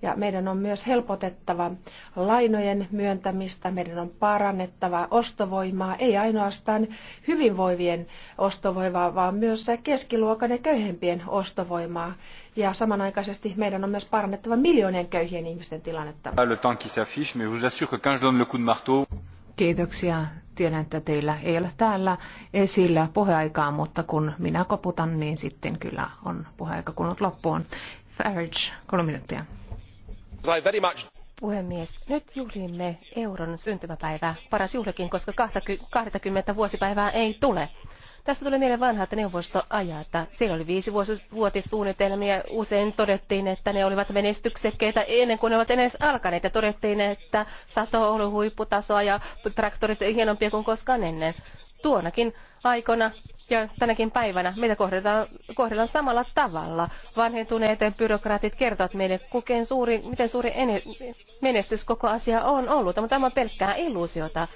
Ja meidän on myös helpotettava lainojen myöntämistä, meidän on parannettava ostovoimaa, ei ainoastaan hyvinvoivien ostovoimaa, vaan myös keskiluokan ja köyhempien ostovoimaa. Ja samanaikaisesti meidän on myös parannettava miljoonien köyhien ihmisten tilannetta. Le temps qui s'affiche, mais vous assure que quand je donne le coup de marteau... Kiitoksia. Tiedän, että teillä ei ole täällä esillä puheaikaa, mutta kun minä koputan, niin sitten kyllä on puheaika kulunut loppuun. Farage, kolme minuuttia. Puhemies, nyt juhlimme euron syntymäpäivää. Paras juhlikin, koska 20 vuosipäivää ei tule. Tästä tulee mieleen ajaa, että Siellä oli viisi vuotissuunnitelmia. Usein todettiin, että ne olivat menestyksekkeitä ennen kuin ne ovat edes alkaneet. Ja todettiin, että sato oli huipputasoa ja traktorit hienompia kuin koskaan ennen. Tuonakin aikana ja tänäkin päivänä meitä kohdellaan, kohdellaan samalla tavalla. Vanhentuneet byrokraatit kertovat meille, kuken suuri, miten suuri menestys koko asia on ollut, mutta tämä on pelkkää illuusiota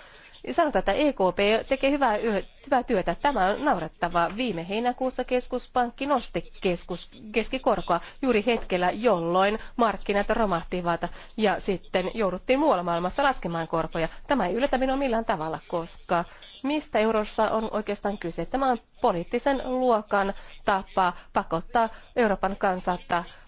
sanotaan, että EKP tekee hyvää, hyvää työtä. Tämä on naurettavaa. Viime heinäkuussa keskuspankki nosti keskus, keskikorkoa juuri hetkellä, jolloin markkinat romahtivat ja sitten jouduttiin muualla maailmassa laskemaan korkoja. Tämä ei yllätä minua millään tavalla, koska mistä eurossa on oikeastaan kyse. Tämä on poliittisen luokan tapa pakottaa Euroopan kansaa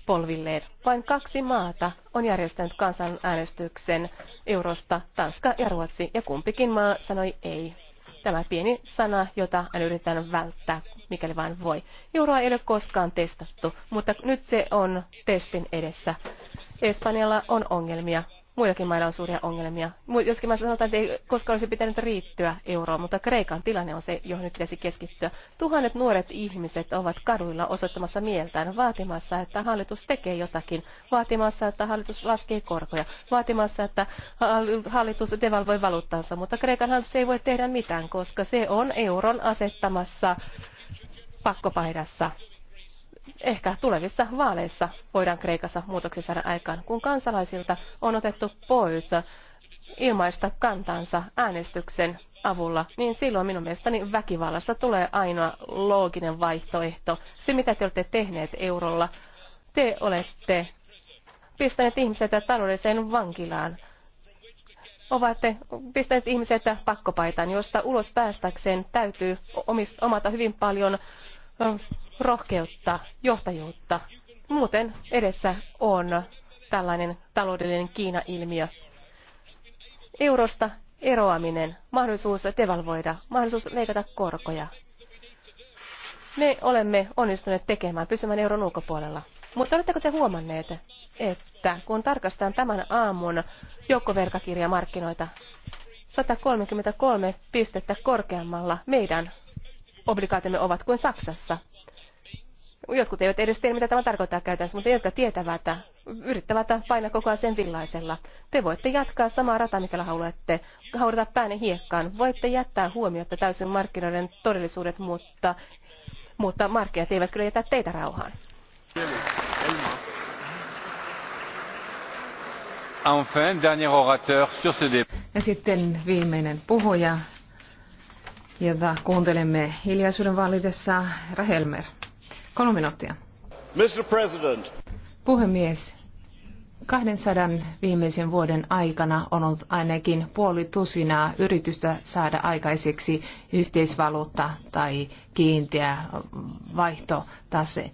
polvilleen. Vain kaksi maata on järjestänyt kansanäänestyksen eurosta, Tanska ja Ruotsi, ja kumpikin maa sanoi ei. Tämä pieni sana, jota hän yritetään välttää, mikäli vain voi. Euroa ei ole koskaan testattu, mutta nyt se on testin edessä. Espanjalla on ongelmia. Muillakin mailla on suuria ongelmia. Joskin mä sanotaan, että ei koskaan olisi pitänyt riittyä euroon, mutta Kreikan tilanne on se, johon nyt pitäisi keskittyä. Tuhannet nuoret ihmiset ovat kaduilla osoittamassa mieltään, vaatimassa, että hallitus tekee jotakin, vaatimassa, että hallitus laskee korkoja, vaatimassa, että hallitus devalvoi valuuttansa, mutta Kreikan hallitus ei voi tehdä mitään, koska se on euron asettamassa pakkopaidassa. Ehkä tulevissa vaaleissa voidaan Kreikassa muutoksia saada aikaan, kun kansalaisilta on otettu pois ilmaista kantansa äänestyksen avulla, niin silloin minun mielestäni väkivallasta tulee ainoa looginen vaihtoehto. Se, mitä te olette tehneet eurolla, te olette pistäneet ihmiset taloudelliseen vankilaan. Ovat pistäneet ihmiset pakkopaitaan, josta ulos päästäkseen täytyy omata hyvin paljon rohkeutta, johtajuutta. Muuten edessä on tällainen taloudellinen Kiina-ilmiö. Eurosta eroaminen, mahdollisuus devalvoida, mahdollisuus leikata korkoja. Me olemme onnistuneet tekemään, pysymään euron ulkopuolella. Mutta oletteko te huomanneet, että kun tarkastan tämän aamun joukkoverkakirjamarkkinoita, 133 pistettä korkeammalla meidän obligaatiomme ovat kuin Saksassa. Jotkut eivät edes tiedä, mitä tämä tarkoittaa käytännössä, mutta jotka tietävät, yrittävät painaa koko ajan sen villaisella. Te voitte jatkaa samaa rataa, mikä haluatte, haudata päänne hiekkaan. Voitte jättää huomiota täysin markkinoiden todellisuudet, mutta, mutta markkinat eivät kyllä jätä teitä rauhaan. Ja sitten viimeinen puhuja jota kuuntelemme hiljaisuuden vallitessa Rahelmer. Kolme minuuttia. Mr. President. Puhemies, 200 viimeisen vuoden aikana on ollut ainakin puoli tusinaa yritystä saada aikaiseksi yhteisvaluutta tai kiinteä vaihtotase.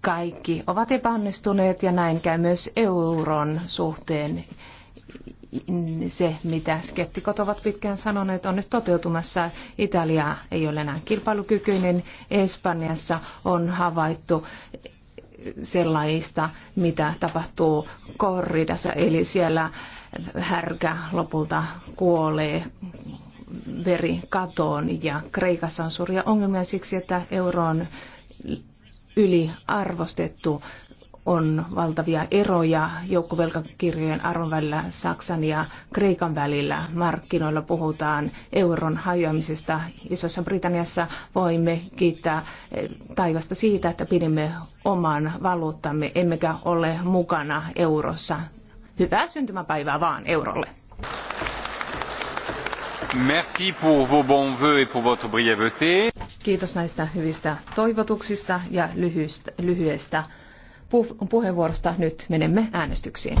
Kaikki ovat epäonnistuneet ja näin käy myös euron suhteen se, mitä skeptikot ovat pitkään sanoneet, on nyt toteutumassa. Italia ei ole enää kilpailukykyinen. Espanjassa on havaittu sellaista, mitä tapahtuu korridassa, eli siellä härkä lopulta kuolee veri katoon ja Kreikassa on suuria ongelmia siksi, että euro on yliarvostettu on valtavia eroja joukkovelkakirjojen arvon välillä Saksan ja Kreikan välillä. Markkinoilla puhutaan euron hajoamisesta. Isossa Britanniassa voimme kiittää eh, taivasta siitä, että pidimme oman valuuttamme, emmekä ole mukana eurossa. Hyvää syntymäpäivää vaan eurolle. Merci pour vos bons voeux et pour votre brièveté. Kiitos näistä hyvistä toivotuksista ja lyhyestä puheenvuorosta. Nyt menemme äänestyksiin.